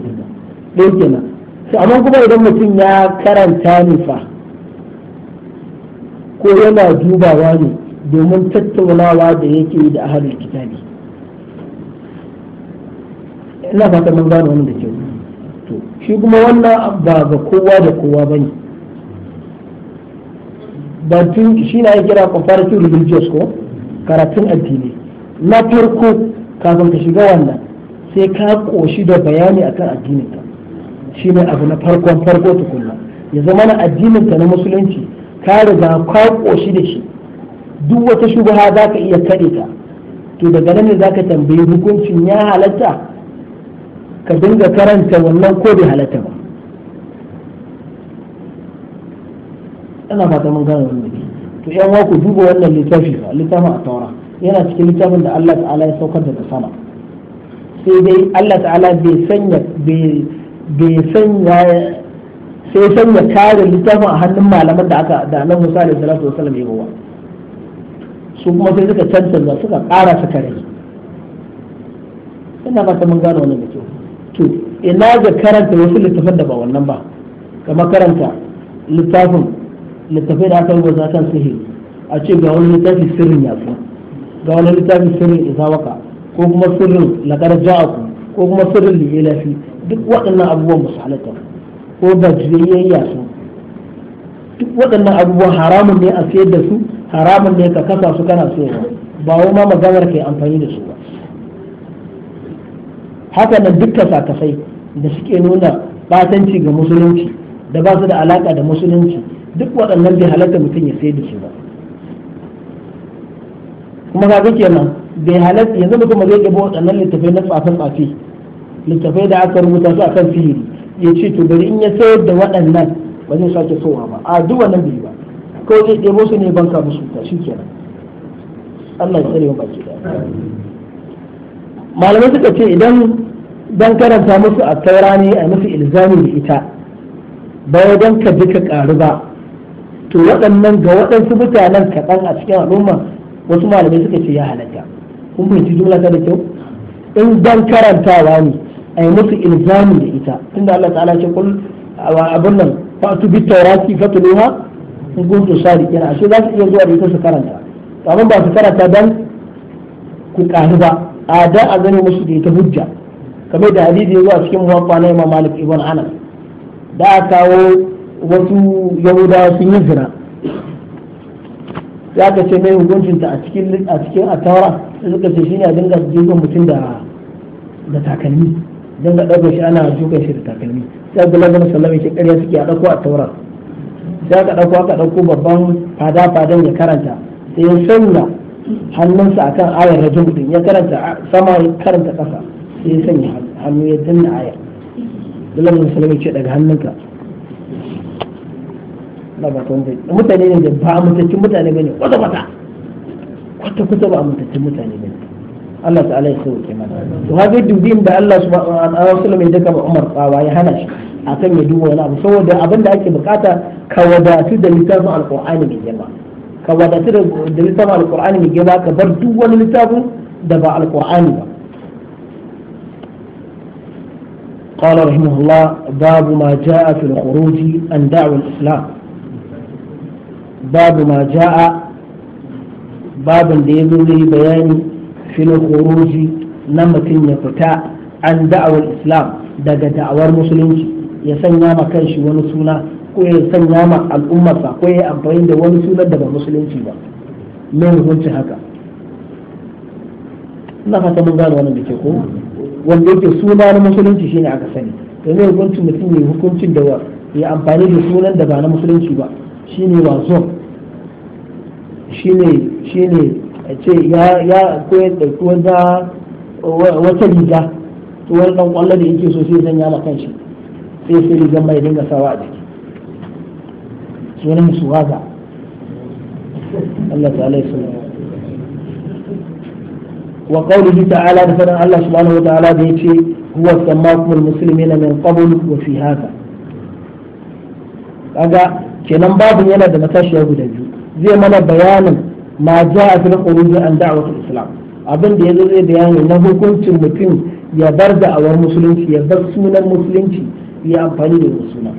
ɗaya kenan to amma kuma idan mutum ya karanta ne fa ko yana dubawa ne domin tattaunawa da yake da ahalin kitabi ina fata mun gano wani da kyau to shi kuma wannan ba ga kowa da kowa ba ne batun shi na kira comparative religious ko karatun addini na farko kafin ka shiga wannan sai ka koshi da bayani akan addinin ka shi ne abu na farkon farko tukunna ya zama na addinin ka na musulunci ka riga ka koshi da shi duk wata shubha za ka iya kare ta to daga nan ne za ka tambayi hukuncin ya halatta ka dinga karanta wannan ko bai halatta ba ana fata mun gane wannan to yan wa ku duba wannan littafi ba littafin a taura yana cikin littafin da Allah ta'ala ya saukar daga sama sai dai Allah ta'ala bai sanya bai bai san sai sanya kare littafin a hannun malaman da aka da nan Musa alaihi salatu wasallam ya ba su kuma sai suka cancanta suka ƙara su kare ina ba ta mun gano wannan da kyau to ina ga karanta wasu littafin da ba wannan ba kamar karanta littafin littafin da aka yi wasu akan sihiri a ce ga wani littafi sirrin fi ga wani littafi sirrin waka ko kuma sirrin lakar ja'aku ko kuma sirrin lilafi duk waɗannan abubuwan masu halatta ko ba juyayya su duk waɗannan abubuwan haramun ne a sayar da su haramun ne ka kasa su kana sayarwa ba wa ma maganar yi amfani da su ba haka nan duk kasakasai da suke nuna batanci ga musulunci da ba su da alaka da musulunci duk waɗannan bai halatta mutum ya sayar da su ba kuma kaga kenan bai halatta yanzu mutum zai ɗabo waɗannan littafai na tsafin tsafi littafai da aka rubuta su akan fili ya ce to bari in ya sayar da waɗannan ba zai sake sowa ba a duk wannan bai ba kawai zai ɗebo su ne banka musu ta shi kenan Allah ya tsare baki da malamai suka ce idan dan karanta musu a taura ne a musu ilzami da ita baya don ka ji ka ƙaru ba to waɗannan ga waɗansu mutanen kaɗan a cikin al'umma wasu malamai suka ce ya halatta kun fahimci jumla ta da kyau in dan karantawa ne a yi musu ilzami da ita tunda Allah ta'ala ce kul abin nan fa tu bi tawrati fatluha in kuntu sadiqin ashe za su iya zuwa da ita su karanta amma ba su karanta dan ku karu ba a da a gane musu da ita hujja kamar da hadisi ya zo a cikin muwaffa na Imam Malik ibn Anas da a kawo wasu Yahudawa sun yi zina ya ka ce mai hukuncinta a cikin a cikin atawara sai suka ce shine a dinga jibin mutum da da takalmi dinga ɗago shi ana dukan shi da takalmi sai abdullahi bin sallam yake ƙarya suke a ɗauko a taura sai aka ɗauko aka ɗauko babban fada fadan ya karanta sai ya sanya hannunsa akan ayar rajin din ya karanta sama ya karanta ƙasa sai ya sanya hannu ya danna ayar abdullahi bin sallam ce daga hannunka na ba kwanzai mutane ne da ba amintaccen mutane bane kwata kwata kwata kwata ba amintaccen mutane bane الله تعالى يسوي كمان وهذا يدو دين بأ الله سبحانه وتعالى من ذكر عمر قاوية هنش أكم يدو ولا بسوى ده أبن ده أكي بقاتا كوداتو ده لتابع القرآن من جمع كوداتو ده لتابع القرآن من جمع كبردو ولا لتابع دبع القرآن من قال رحمه الله باب ما جاء في الخروج عن دعوة الإسلام باب ما جاء باب اللي يقول لي بياني fil khuruji na mutum ya fita an da'awar islam daga da'awar musulunci ya sanya ma kanshi wani suna ko ya sanya ma al'ummarsa ko ya amfani da wani sunan da ba musulunci ba me hukuncin haka ina fata mun gane wannan da ke ko wanda yake suna na musulunci shine aka sani to me hukuncin mutum ne hukuncin da ya amfani da sunan da ba na musulunci ba shine wazo shine shine a ce ya koyar da wata wata riga to wani dan kwallo da yake so sai zanya ma kanshi sai sai rigar mai dinga sawa a jiki sunan su waza Allah ta'ala ya wa qawlihi ta'ala da fadan Allah subhanahu wa ta'ala da yace huwa musulmi almuslimina min qabl wa fi hada kaga kenan babu yana da matashiya guda biyu zai mana bayanin ma ja'a fil khuruj an da'watul islam abin da yazo zai bayani na hukuncin mutum ya bar awar musulunci ya bar sunan musulunci ya amfani da suna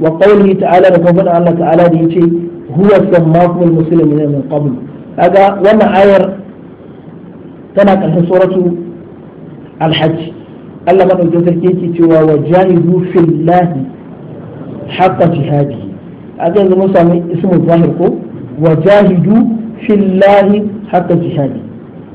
wa qawlihi ta'ala da kuma Allah ta'ala da yace huwa sammakumul muslimina min qabl kaga wannan ayar tana ƙarshen suratu al-hajj Allah madaukakin sarki yake cewa wa jahidu fillahi haqqa jihadi a yanzu mun samu ismu zahir ko وجاهدوا في الله حق جهاده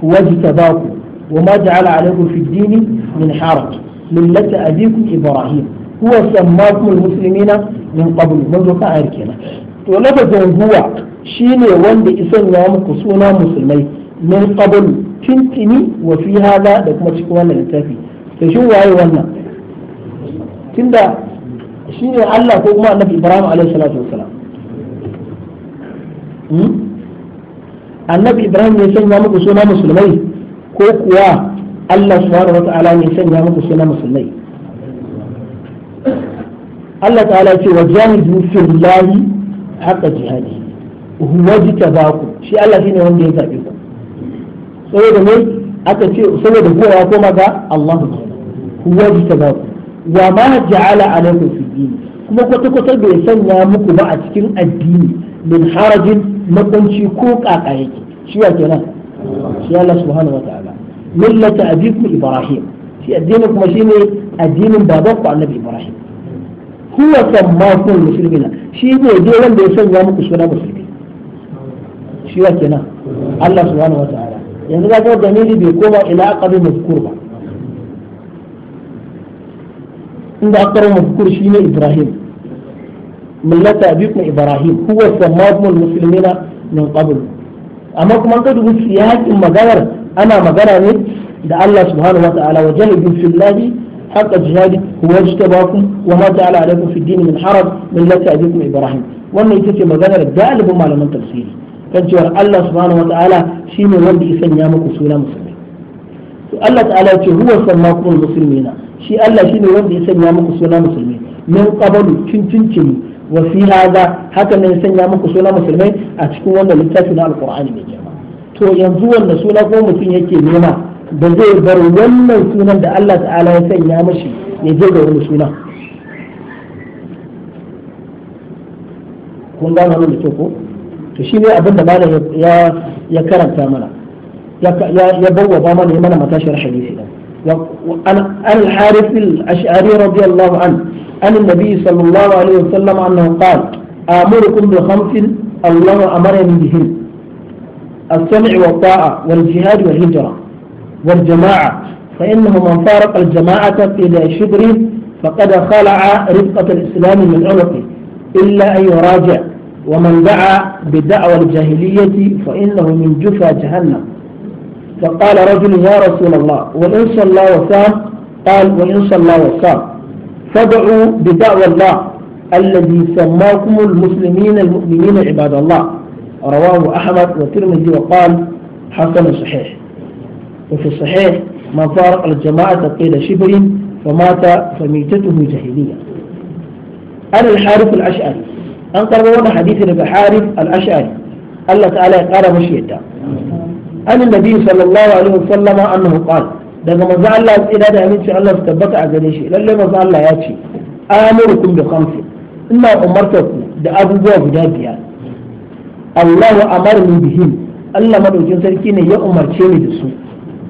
واجتباكم وما جعل عليكم في الدين من حرج ملة أبيكم إبراهيم هو سماكم المسلمين من قبل منذ كأركنا ولفظ هو شيني وند إسن يوم سونا مسلمين من قبل تنتني وفي هذا لكم تكون التافي تشو واي ونا تندا شيني الله كما النبي إبراهيم عليه الصلاة والسلام Hmm? annabi ibrahim ne sanya muku suna musulmai ko kuwa allah subhanahu wa ta'ala ne sanya muku suna musulmai allah ta'ala ce wa jahidu fillahi haka jihadi huwa jika ku shi allah shine wanda ya zabe ku saboda mai aka ce saboda huwa ya koma ga allah huwa jika ku wa ma ja'ala alaikum fi dini kuma kwata-kwata bai sanya muku ba a cikin addini min harajin makunci ko kaka yake shi wa kenan shi Allah subhanahu wa ta'ala millata abikum ibrahim shi addini kuma shine addinin baban ku annabi ibrahim huwa sammakum muslimina shi ne dai wanda ya sanya muku suna musulmi shi wa kenan Allah subhanahu wa ta'ala yanzu ga ga dalili bai koma ila aqabi mazkur ba inda aqrabu mazkur shine ibrahim millata abikum ibrahim huwa sammakumul muslimina min qabl amma kuma ka dubi siyakin maganar ana magana ne da Allah subhanahu wa ta'ala wa jahidu fillahi حق الجهاد هو اجتباكم وما جعل عليكم في الدين من حرج ملة أبيكم إبراهيم wannan ita ce maganar galibin malaman tafsiri kan cewar Allah subhanahu wa ta'ala shi ne wanda ya sanya suna musulmi Allah ta'ala ce huwa sammakum muslimina shi Allah shi ne wanda ya sanya suna musulmi min qabalu wa fi hada haka ne ya sanya muku suna musulmai a cikin wannan littafi na alqur'ani mai girma to yanzu wanda suna ko mutum yake nema ba zai bar wannan sunan da Allah ta'ala ya sanya mashi ya je ga wani suna kun gano wannan da kyau ko to shi ne abin da ya karanta mana ya bawwaba mana ya mana matashiyar hadisi din an al-harith al-ash'ari radiyallahu anhu عن النبي صلى الله عليه وسلم أنه قال آمركم بخمس الله أمرني بهن السمع والطاعة والجهاد والهجرة والجماعة فإنه من فارق الجماعة إلى شبر فقد خلع رفقة الإسلام من عنقه إلا أن يراجع ومن دعا بدعوى الجاهلية فإنه من جفا جهنم فقال رجل يا رسول الله وإن صلى وصام قال وإن صلى وصام فدعوا بدعوى الله الذي سماكم المسلمين المؤمنين عباد الله رواه أحمد والترمذي وقال حسن صحيح وفي الصحيح من فارق الجماعة قيل شبر فمات فميتته جاهلية انا الحارث الأشعري أن قرروا حديث لك حارث الأشعري الله تعالى قال مشيئته عن النبي صلى الله عليه وسلم أنه قال daga manzo Allah ya tsira da aminci Allah su tabbata a gare shi lalle manzo Allah ya ce amurukum bi khamsin ina umartar ku da abubuwa guda biyar Allah wa amarni bihim Allah madaukin sarki ne ya umarce ni da su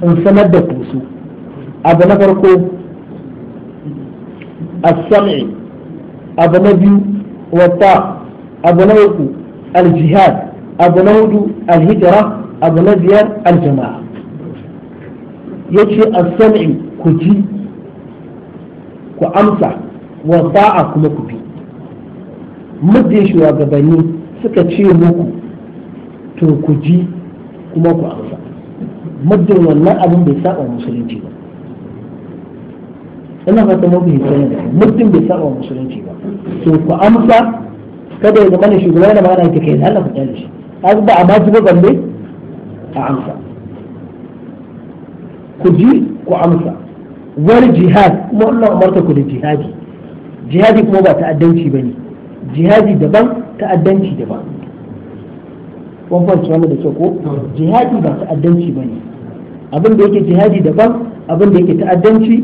in sanar da ku su abu na farko as-sam'i abu na biyu wata abu na uku al-jihad abu na hudu al-hijra abu na biyar al-jama'a yace a sami ku ji ku amsa wa ba'a kuma ku bi muddin shugabanni suka ce muku to ku ji kuma ku amsa muddin wannan abin bai saba musulunci ba ina fata mafi hisayen muddin bai saba musulunci ba to ku amsa kada ya zama ne shugaba da magana ta kai Allah ku kyale shi ba a ma ji ba balle a amsa ku ji ku amsa wal jihad kuma Allah umarta ku da jihadi jihadi kuma ba ta'addanci ba ne, jihadi daban ta'addanci daban kuma fahimci wannan da ke ko jihadi ba ta'addanci ne, abin da yake jihadi daban abin da yake ta'addanci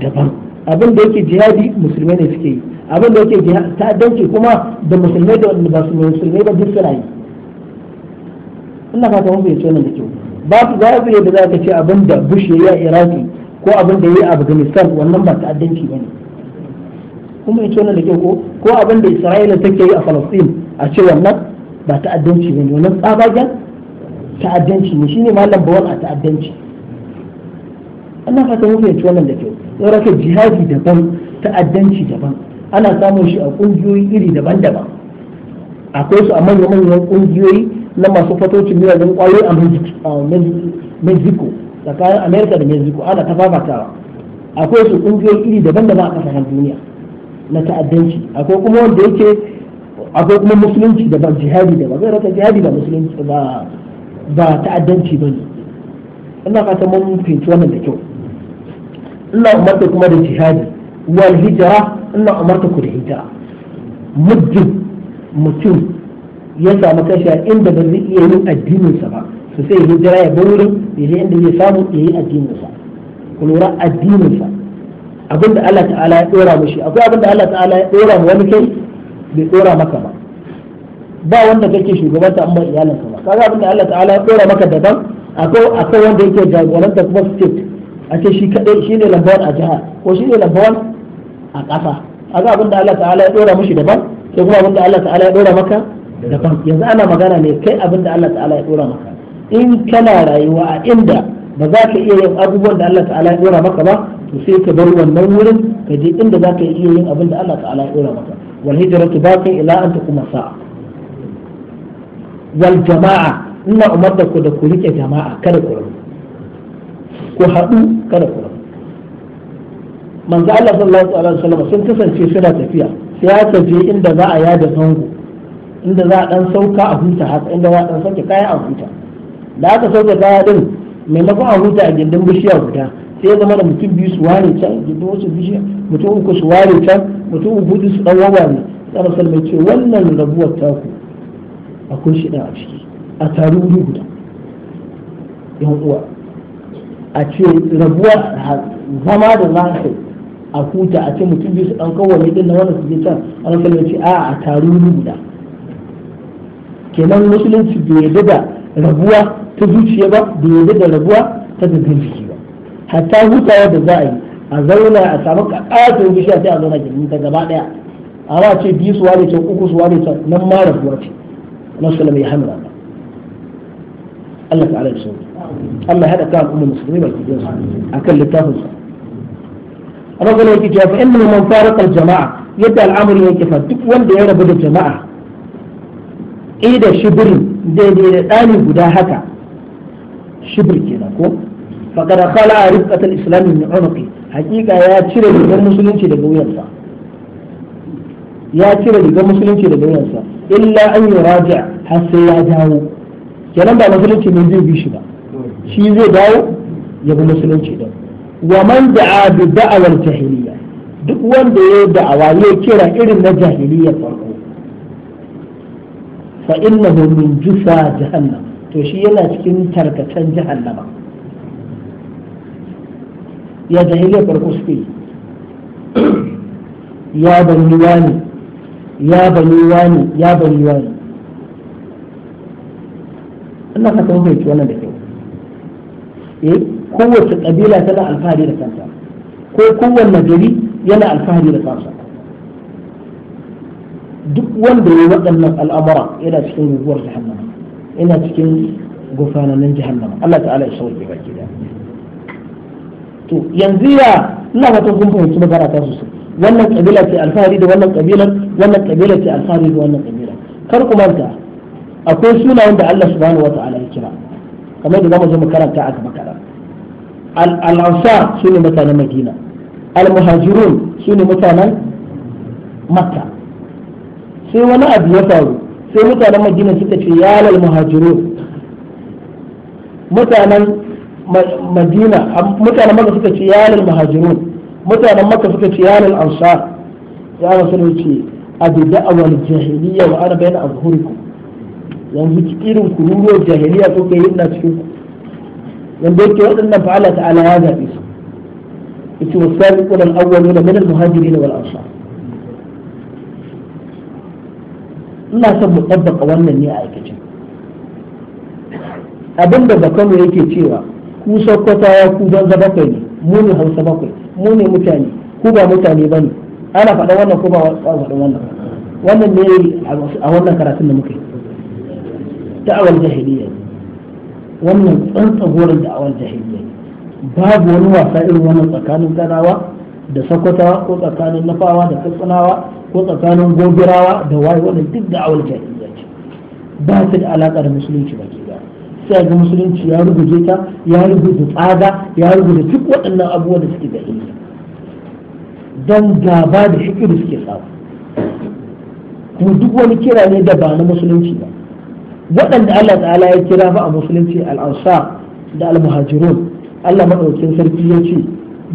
daban abin da yake jihadi musulmai ne suke yi abin da yake ta'addanci kuma da musulmai da wanda ba su musulmai ba duk suna yi ina fata mun bai ce wannan da kyau za su yadda za ka ce abin da bush ya yi a iraki ko abin da ya yi a afghanistan wannan ba ta'addanci ba ne kuma ya tona da kyau ko ko abin da isra'ila take yi a falastin a ce wannan ba ta'addanci ba ne wannan tsabagen ta'addanci ne shine malam bawan a ta'addanci ana fata mu fahimci wannan da kyau yau raka jihadi daban ta'addanci daban ana samun shi a kungiyoyi iri daban-daban akwai su a manya-manyan kungiyoyi na masu fatocin gidajen kwayoyi a mexico tsakanin america da mexico ana ta fafatawa akwai su kungiyoyi iri daban-daban a kasashen duniya na ta'addanci akwai kuma wanda yake akwai kuma musulunci da ba jihadi da ba zai rata jihadi ba musulunci ba ba ta'addanci ba ne ina fata mun fito wannan da kyau ina umarta kuma da jihadi wal hijira ina umarta ku da hijira muddin mutum ya samu kashi a inda ba zai iya yin addininsa ba su sai hijira ya bar wurin ya je inda zai samu ya yi addininsa ku lura addininsa abinda Allah ta'ala ya dora mishi akwai abinda Allah ta'ala ya dora mu wani kai bai dora maka ba ba wanda kake shugabanta an ba iyalinka ba kaga abinda Allah ta'ala ya dora maka daban akwai akwai wanda yake jagoranta kuma state a ce shi kadai shine lambawan a jiha ko shine lambawan a ƙasa kaga abinda Allah ta'ala ya dora mishi daban sai kuma abinda Allah ta'ala ya dora maka da farko yanzu ana magana ne kai abin da Allah ta'ala ya dora maka in kana rayuwa a inda ba za ka iya yin abubuwan da Allah ta'ala ya dora maka ba to sai ka bar wannan wurin ka je inda za ka iya yin abin da Allah ta'ala ya dora maka wal hijratu baqi ila an taquma sa'a wal jama'a ina umarta ku da ku rike jama'a kada ku rabu ku haɗu kada ku rabu manzo Allah sallallahu alaihi wasallam sun kasance suna tafiya sai ya je inda za a yada zango inda za a dan sauka a huta haka inda za a dan sauke kaya a huta da aka sauke kaya din maimakon a huta a gindin bishiya guda sai ya zama da mutum biyu su ware can gindin wasu bishiya mutum uku su ware can mutum uku su dan ne sai rasul ce wannan rabuwar taku akwai shi a ciki a taru wuri guda yan uwa a ce rabuwa zama da za a a huta a ce mutum biyu su dan kowane din na wannan su je can rasul ce a a taru wuri guda kenan musulunci bai yadda da rabuwa ta zuciya ba bai yadda da rabuwa ta gangan jiki ba hatta hutawa da za a yi a zauna a samu ƙaton gishi sai a zauna gindin ta gaba daya a ba ce biyu suwa ne ta uku suwa ne ta nan ma rabuwa ce na sulama ya hamra ba Allah ta'ala ya sauri Allah ya haɗa kan al'ummar musulmi baki ɗin su akan littafin sa a magana yake cewa fa inna man farqa al-jama'a yadda al'amari yake fa duk wanda ya rabu da jama'a ida shibirin daidai da ɗani guda haka shibir kenan ko faqad kala a rikatar islam na unqi hakika ya cire rigar musulunci daga wuyansa ya cire rigar musulunci daga wuyansa illa an yi raja har sai ya dawo kenan ba musulunci ne zai bi shi ba shi zai dawo ya bi musulunci da wa man da'a bi da'awar jahiliya duk wanda ya da'awa ya kira irin na jahiliya farko fa innahu min jusa jahannam to shi yana cikin tarkatan jahannama ya jahiliya farko suke ya bani wani ya bani wani ya bani wani Allah ka kawo bai wannan da kyau eh kowace tana alfahari da kanta ko kowanne gari yana alfahari da duk wanda ya waɗannan al'amura yana cikin guguwar jahannama yana cikin gufananin jahannama Allah ta'ala ya sauke baki da to yanzu ya ina fatan kun fahimci magana ta sosai wannan kabila ce alfahari da wannan kabilar wannan kabila ce alfahari da wannan kabila kar ku manta akwai sunayen da Allah subhanahu wata'ala ya kira kamar da zamu je mu karanta a gaba kaɗan al-ansar sune mutanen Madina al-muhajirun sune mutanen Makka sai wani abu ya faru sai mutanen madina suka ce ya lal muhajirun mutanen madina mutanen maka suka ce ya lal muhajirun mutanen maka suka ce ya lal ansar ya rasul ce abu da'awar jahiliya wa ana bayan azhurikum yanzu irin kururuwar jahiliya ko kai yi ina cikin ku wanda yake waɗannan fa Allah ta'ala ya zaɓe su yace wasabiqul awwaluna min al-muhajirin wal ansa. ina son mu ɗabbaka wannan ne a aikace abinda bakamu yake cewa ku ya ku banza bakwai ne mu ne hausa bakwai mu ne mutane ku ba mutane ba ne ana faɗa wannan ko ba faɗa wannan wannan ne a wannan karatun da muka yi da'awar jahiliya wannan tsantsagorin da'awar jahiliya babu wani wasa irin wannan tsakanin ganawa da sokotawa ko tsakanin nafawa da katsinawa ko tsakanin gobirawa da waye wannan duk da awal jahiliya ce ba su da alaka da musulunci ba ke sai ga musulunci ya ta ya rubuta tsada ya rubuta duk waɗannan abubuwan da suke jahiliya dan gaba da da suke samu kuma duk wani kira ne da ba na musulunci ba waɗanda Allah ta'ala ya kira ba a musulunci al da al-muhajirun Allah madaukakin sarki ya ce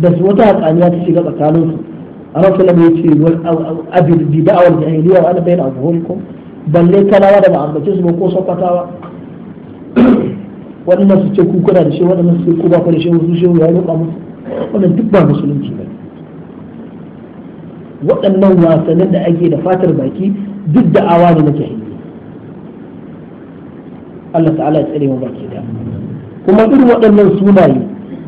da su wata hatsaniya ta shiga tsakaninsu annabi sallallahu alaihi wasallam yace wal abid bi da'wal jahiliya wa ana bayna abhumkum balle talawa da ba'ambace su ko sokwatawa *clears throat* waɗannan su ce ku kuna da shi waɗannan su ce ku ba ku da shi wasu shi ya roƙa musu wannan duk ba musulunci ba waɗannan wasannin da ake da fatar baki duk da awa ne na jahiliya Allah ta'ala ya tsare mu baki da kuma irin waɗannan sunaye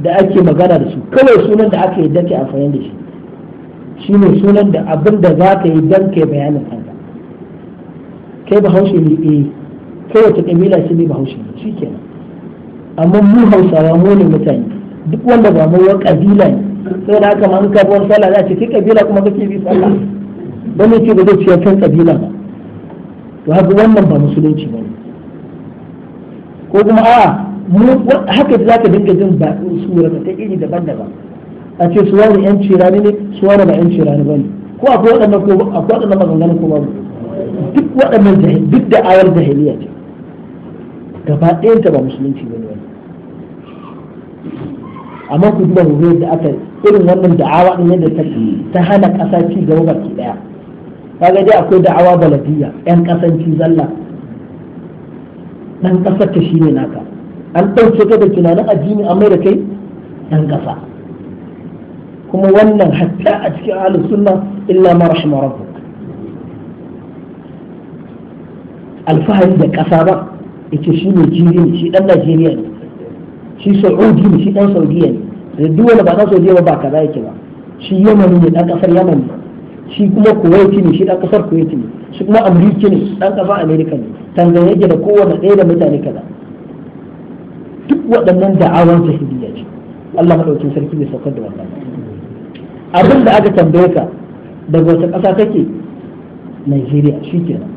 da ake magana da su kawai sunan da aka yi dake amfani da shi Shi ne sunan da abin da za ka yi dan kai bayanin kanka kai bahaushe ne eh kai wata kabila shi ne bahaushe ne shikenan amma mu hausawa mu ne mutane duk wanda ba mu wani kabila ne sai da haka ma an wani sallah za a ce kai kabila kuma kake bi sallah ba ne ce ba zai ciyar kan kabila ba to haka wannan ba musulunci ba ne ko kuma a mu haka za ka dinga jin ba su ta iri daban-daban a ce su wani yanci rani ne su wani ba yanci rani ba ne ko akwai waɗannan ko akwai waɗannan maganganun ko babu duk waɗannan jahil duk da ayar jahiliya ce gaba ɗayan ta ba musulunci ba ne amma ku duba ku da aka irin wannan da'awa din yadda ta ta hana ƙasa ci gaba baki ɗaya kaga dai akwai da'awa baladiyya yan ci zalla ɗan ƙasar ta shine naka an ɗauke ka da tunanin addini an mai da kai ɗan ƙasa kuma wannan hatta a cikin ahlus sunna illa ma rahima rabbuk alfahari da ƙasa ba yace shi Najeriya ne shi dan Najeriya ne shi Saudi ne shi dan Saudiya ne da duk wanda ba dan Saudiya ba ba kaza yake ba shi Yaman ne dan kasar Yaman ne shi kuma Kuwait ne shi dan kasar Kuwait ne shi kuma Amurka ne dan kasar America ne Tanzania da kowanne ɗaya da mutane kaza duk waɗannan da'awan jahiliya ce Allah madaukin sarki bai saukar da wannan abin da aka tambaye ka daga wata ƙasa kake Najeriya shikenan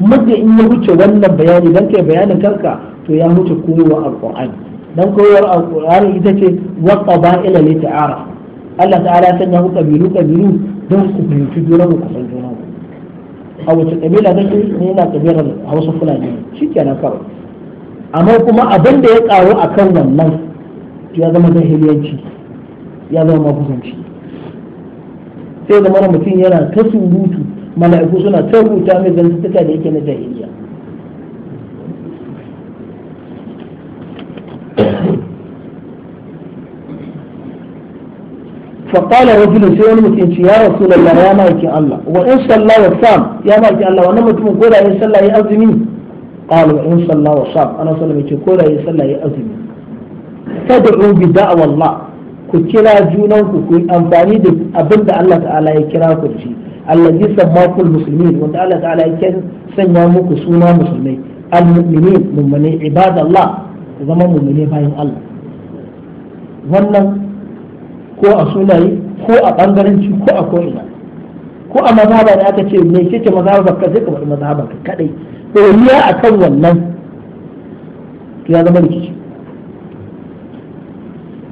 muddin in ya wuce wannan bayani dan kai bayanin kanka to ya wuce koyowa alqur'ani dan koyowar alqur'ani ita ce wa qaba'ila li ta'ara Allah ta'ala ya sanya ku kabilu kabilu don ku fahimci juna ku san juna a wace kabila kake ne yana a Hausa Fulani shi ke nan kawai amma kuma abin da ya karo akan wannan ya zama zahiriyanci ya zama mafusanci sai da mara mutum yana ta surutu mala'iku suna ta rubuta mai zantuka da yake na jahiliya فقال رجل سيون متين يا رسول الله يا مالك الله وإن صلى وصام يا مالك الله وأنا متين كولا إن صلى يأذني قال وإن صلى وصام أنا صلى متين كولا إن صلى يأذني فادعوا بدعوى الله ku kira junanku ku yi amfani da abin da Allah ta'ala ya kira ku ci allazi sammakul muslimin wanda Allah ta'ala ya kira sanya muku suna musulmai almu'minin mummune ibadallah zama mummune bayan Allah wannan ko a sunaye ko a bangaranci ko a ko'ina ko a mazhaba da aka ce me kike mazhaba ka sai ka bar mazhaba kadai to ya akan wannan ya zama rikici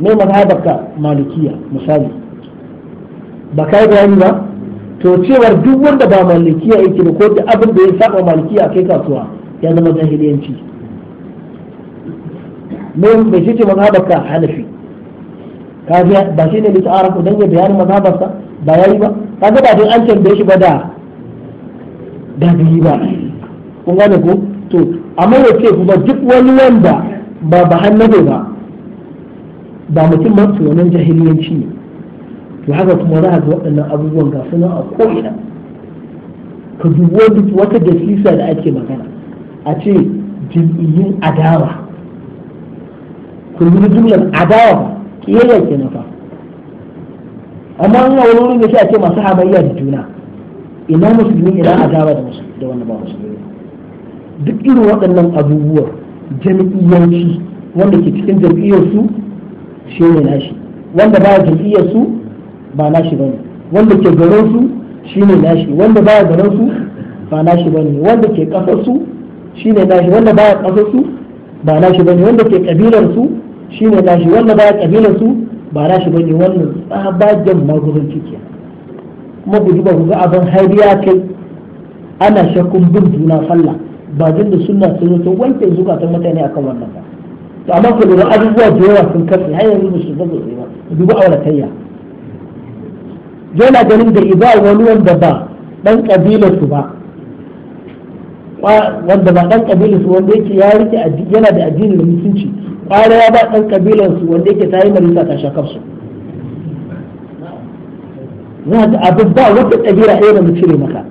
mai mazhabarka malikiya misali ba ka yi bayani ba to cewar duk wanda ba malikiya yake da ko duk abin da ya saba malikiya kai kasuwa ya zama jahiliyanci mai mai shi ce mazhabarka hanafi kaga ba shi ne lita'ara ko dan ya bayani mazhabarsa ba yayi ba ka ba dai an tambaye shi ba da da ba kun gane ko to amma ya ce kuma duk wani wanda ba ba hannabe ba ba mutum ma su wannan jahiliyanci ne to haka kuma za a ga waɗannan abubuwan ga suna a ko'ina ka duk wata dasisa da ake magana a ce jam'iyyun adawa ku yi jumlar adawa ƙiyayya ke nafa amma ina wani wurin da shi a ce masu hamayya da juna ina musulmi ina adawa da da wanda ba musulmi duk irin waɗannan abubuwa jam'iyyanci wanda ke cikin jam'iyyarsu shi ne nashi wanda ba jam'iyyar su ba nashi bane wanda ke garin su shi ne nashi wanda ba garin su ba nashi bane wanda ke kasar su shi ne nashi wanda ba kasar su ba nashi bane wanda ke kabilar su shi ne nashi wanda ba kabilar su ba nashi bane wannan tsabagen magurin ciki kuma ku duba ku ga abin har ya kai ana shakkun bin juna sallah ba jin da sunna sun zo ta wanke zukatan mutane akan wannan ba to amma ku lura abubuwa da yawa sun kafe har yanzu ba su ba su ba dubu auratayya yana ganin da iba wani wanda ba dan kabilar su ba wanda ba dan kabilar su wanda yake ya rike yana da addinin mutunci kwara ya ba dan kabilar su wanda yake tayi marisa ta shakar su za ga abin ba wata kabila ɗaya da mu cire maka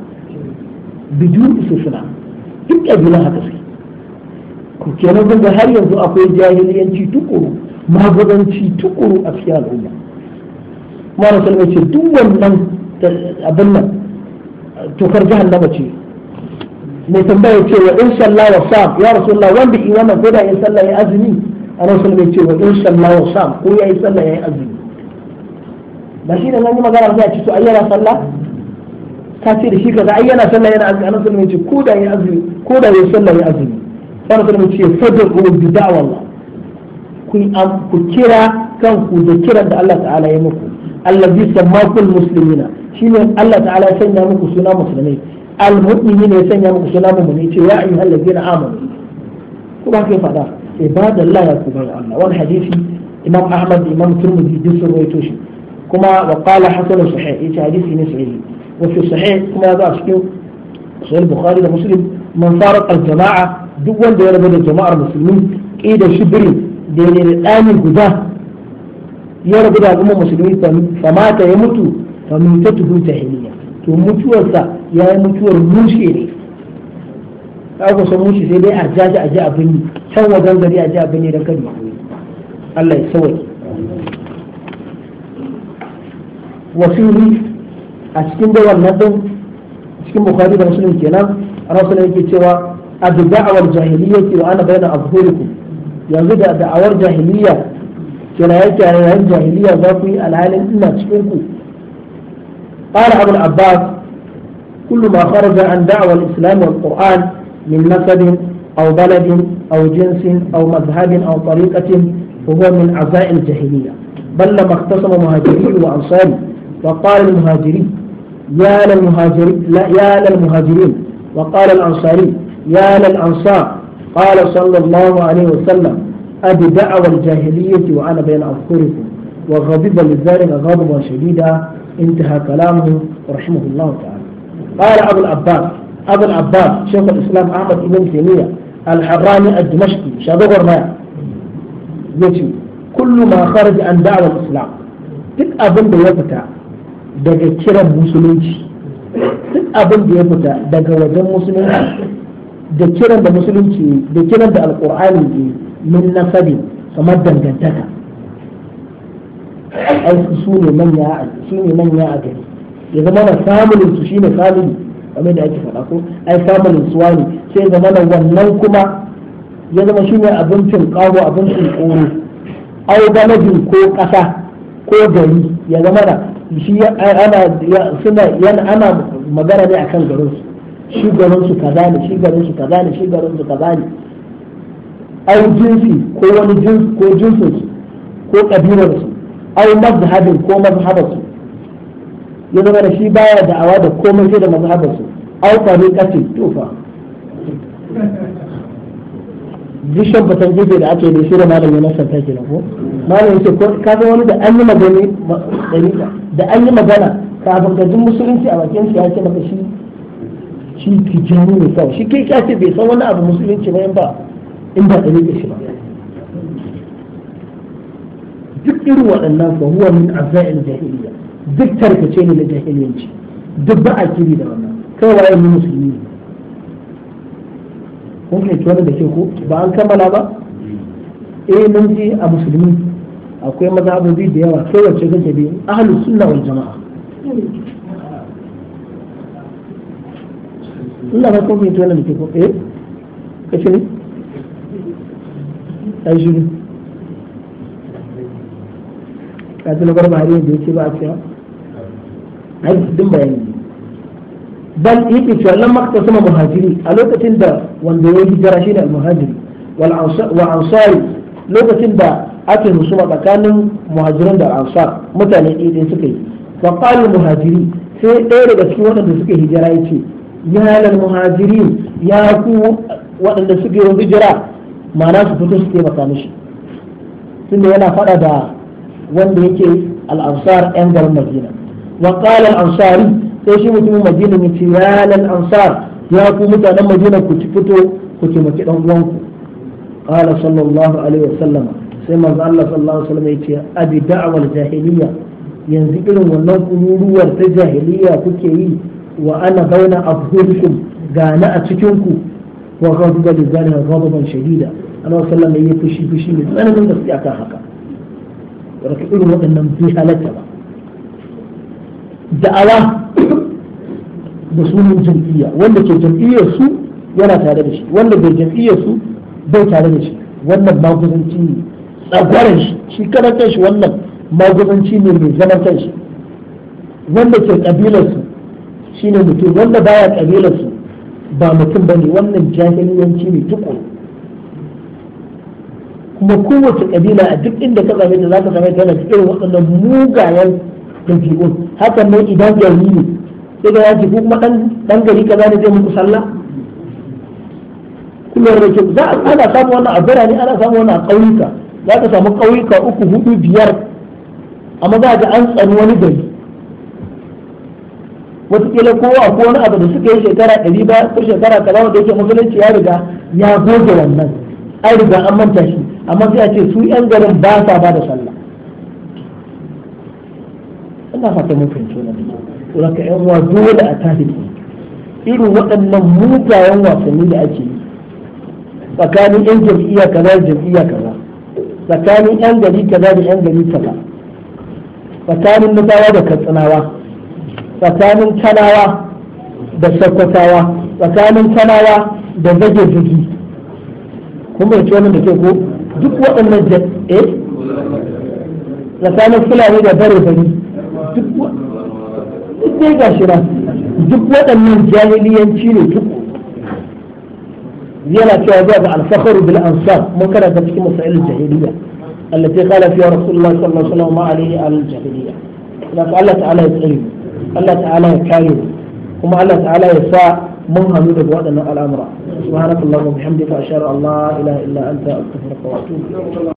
bidiyu su suna duk kabila haka suke ku kenan kun ga har yanzu akwai jahiliyanci tukuru maguzanci tukuru a cikin al'umma kuma rasul ce duk wannan abin nan tokar jahannama ce mai tambaya ce wa in sallah wa sam ya rasulullah wanda in wannan ko da ya sallah ya azumi a rasul mai ce wa in sallah wa sam ko ya yi sallah ya yi azumi ba shi da nan yi magana za a ci to ayyana sallah ka ce da shi kaza ayyana sallah yana azumi a rasul mai ce ko da ya azumi ko da ya sallah ya azumi sai mutum ya ce fadu bi da'wallah ku ku kira kanku da kiran da Allah ta'ala ya muku allazi sammakul muslimina shine Allah ta'ala ya sanya muku suna musulmai almu'minin ya sanya muku suna mu'mini ce ya ayyuhal ladina amanu ko ba kai fada ibadallah ya ku bai Allah wani hadisi imam ahmad imam turmudi duk sun rawaito shi kuma wa qala hasan sahih yace hadisi ne sahihi wa fi sahih kuma ya a cikin sahih bukhari da muslim man sarat al jama'a duk wanda ya rabu da jama'ar musulmi da shibiri da ya da ɗani guda ya rabu da al'ummar musulmi famata ya mutu huta jahiliya to mutuwarsa ya yi mutuwar mushe ne ka san mushe sai dai a jaji a ji abin yi can wajen gari a ji abin yi don kan makoyi Allah ya sauke wasiri a cikin da wannan din cikin bukari da musulmi kenan rasulun yake cewa الدعوة الجاهلية وأنا بين أظهركم يزيد الدعوة الجاهلية جنايات الجاهلية ضافي العالم إلا تشكركم قال أبو العباس كل ما خرج عن دعوة الإسلام والقرآن من نسب أو بلد أو جنس أو مذهب أو طريقة فهو من عزاء الجاهلية بل لما اختصم مهاجرين وأنصاري وقال المهاجرين يا للمهاجرين لا يا للمهاجرين وقال الأنصاري يا للأنصار قال صلى الله عليه وسلم أبي دعوة الجاهلية وأنا بين أذكركم وغضب لذلك غضبا شديدا انتهى كلامه رحمه الله تعالى قال أبو العباس أبو العباس شيخ الإسلام أحمد بن تيمية الحراني الدمشقي شابغر ما يجي كل ما خرج عن دعوة الإسلام duk abin da ya fita daga kiran musulunci duk abin da ya fita daga wajen musulunci da kiran da musulunci da kiran da alkur'ani ne min nasabi kamar dangantaka ai su ne manya a su ne manya a gari ya zama na family su shine family kamar da ake faɗa ko ai family su wani sai zama na wannan kuma ya zama shine abincin kawo abincin koro ai baladin ko ƙasa ko gari ya zama na shi ana suna ana magana ne akan garin su shi garin su kaza ne shi garin su kaza ne shi garin su kaza ne ai jinsi ko wani jinsi ko jinsin su ko kabilar su ai mazhabin ko mazhabar su ya zama da shi baya da'awa da komai sai da mazhabar su au tariqatin tufa dishan batan gefe da ake da shi da malamin na santa ke ko malamin ce ko ka ga wani da an yi magana da an yi magana kafin gajin musulunci a bakin shi ya ce maka shi shi tijjani ne kawai shi ke kyashe bai san wani abu musulunci ba in ba in ba ɗari shi ba duk irin waɗannan fa huwa min azail jahiliya duk tarkace ne na jahiliyanci duk ba a kiri da wannan kai waye mu musulmi ne kun kai tuwa da ke ko ba an kammala ba eh mun ji a musulmi akwai mazhabobi da yawa kai wacce kake bi ahlus sunna wal jama'a Allah ba kun fahimci wannan da ke ko eh kace ne ai shiru ka ji na bar bari da yake ba a cewa ai din bayani bal yake cewa lam sama muhajiri a lokacin da wanda ya hijira shine al-muhajiri wal ansari lokacin da ake musuma tsakanin muhajirin da ansar mutane ɗaya suka yi fa qala muhajiri sai ɗaya daga cikin waɗanda suka hijira yace ya lal muhajirin ya ku waɗanda suke yi hijira ma'ana su fito su taimaka mishi tunda yana faɗa da wanda yake al yan garin madina wa qala al sai shi mutumin madina ne ce ya lal ansar ya ku mutanen madina ku fito ku taimaki dan uwanku qala sallallahu alaihi wasallam sai manzo Allah sallallahu alaihi wasallam yace abi da'wal jahiliya yanzu irin wannan kururuwar ta jahiliya kuke yi wa ana zauna baina abdurkum Gane a cikinku. cikin ku wa ghadaba lillahi ghadaban shadida annabi sallallahu alaihi wasallam ya fushi fushi mai tsananin gaske akan haka daga irin waɗannan bi halatta ba da'awa da sunan jam'iyya wanda ke jam'iyyar su yana tare da shi wanda bai jam'iyyar su bai tare da shi wannan maguzanci ne tsagwaran shi shi karantar shi wannan maguzanci ne mai zaman kanshi wanda ke kabilar su shine mutum wanda baya kabilarsu ba mutum bane wannan jahiliyanci ne tukun kuma kowace kabila a duk inda ka same ta zaka same ta yana cikin waɗannan mugayen dabi'un hakan ne idan gari ne sai da yaji ko kuma dan gari kaza ne zai muku sallah kuma da ke za a ana samu wannan a birane ana samu wannan a ƙauyuka za ka samu ƙauyuka uku hudu biyar amma za ga an tsani wani gari wataƙila kowa ko wani abu da suka yi shekara ɗari ba ko shekara kaza wanda yake musulunci ya riga ya goge wannan ai riga an manta shi amma sai a ce su yan garin ba sa ba da sallah ina fata mun fahimci wannan da ke ka yan uwa dole a tafi irin waɗannan mugayen wasanni da ake yi tsakanin yan jam'iyya kaza da jam'iyya kaza tsakanin yan gari kaza da yan gari kaza tsakanin nufawa da katsinawa tsakanin kanawa da sakkwatawa tsakanin kanawa da zage dugi kun bai wannan da ke ko duk waɗannan da e eh? tsakanin fulani da bare bari duk dai ga shi duk waɗannan jahiliyanci ne duk yana cewa zuwa ga alfakharu bil ansar mun karanta cikin masail jahiliya allati qala fiha rasulullah sallallahu alaihi wa sallam ma alaihi al jahiliya Allah ta'ala ya tsare mu Allah ta'ala ya kare mu kuma Allah ta'ala ya sa mun hannu daga waɗannan al'amura subhanakallahumma bihamdika ashhadu an la ilaha illa anta astaghfiruka wa atubu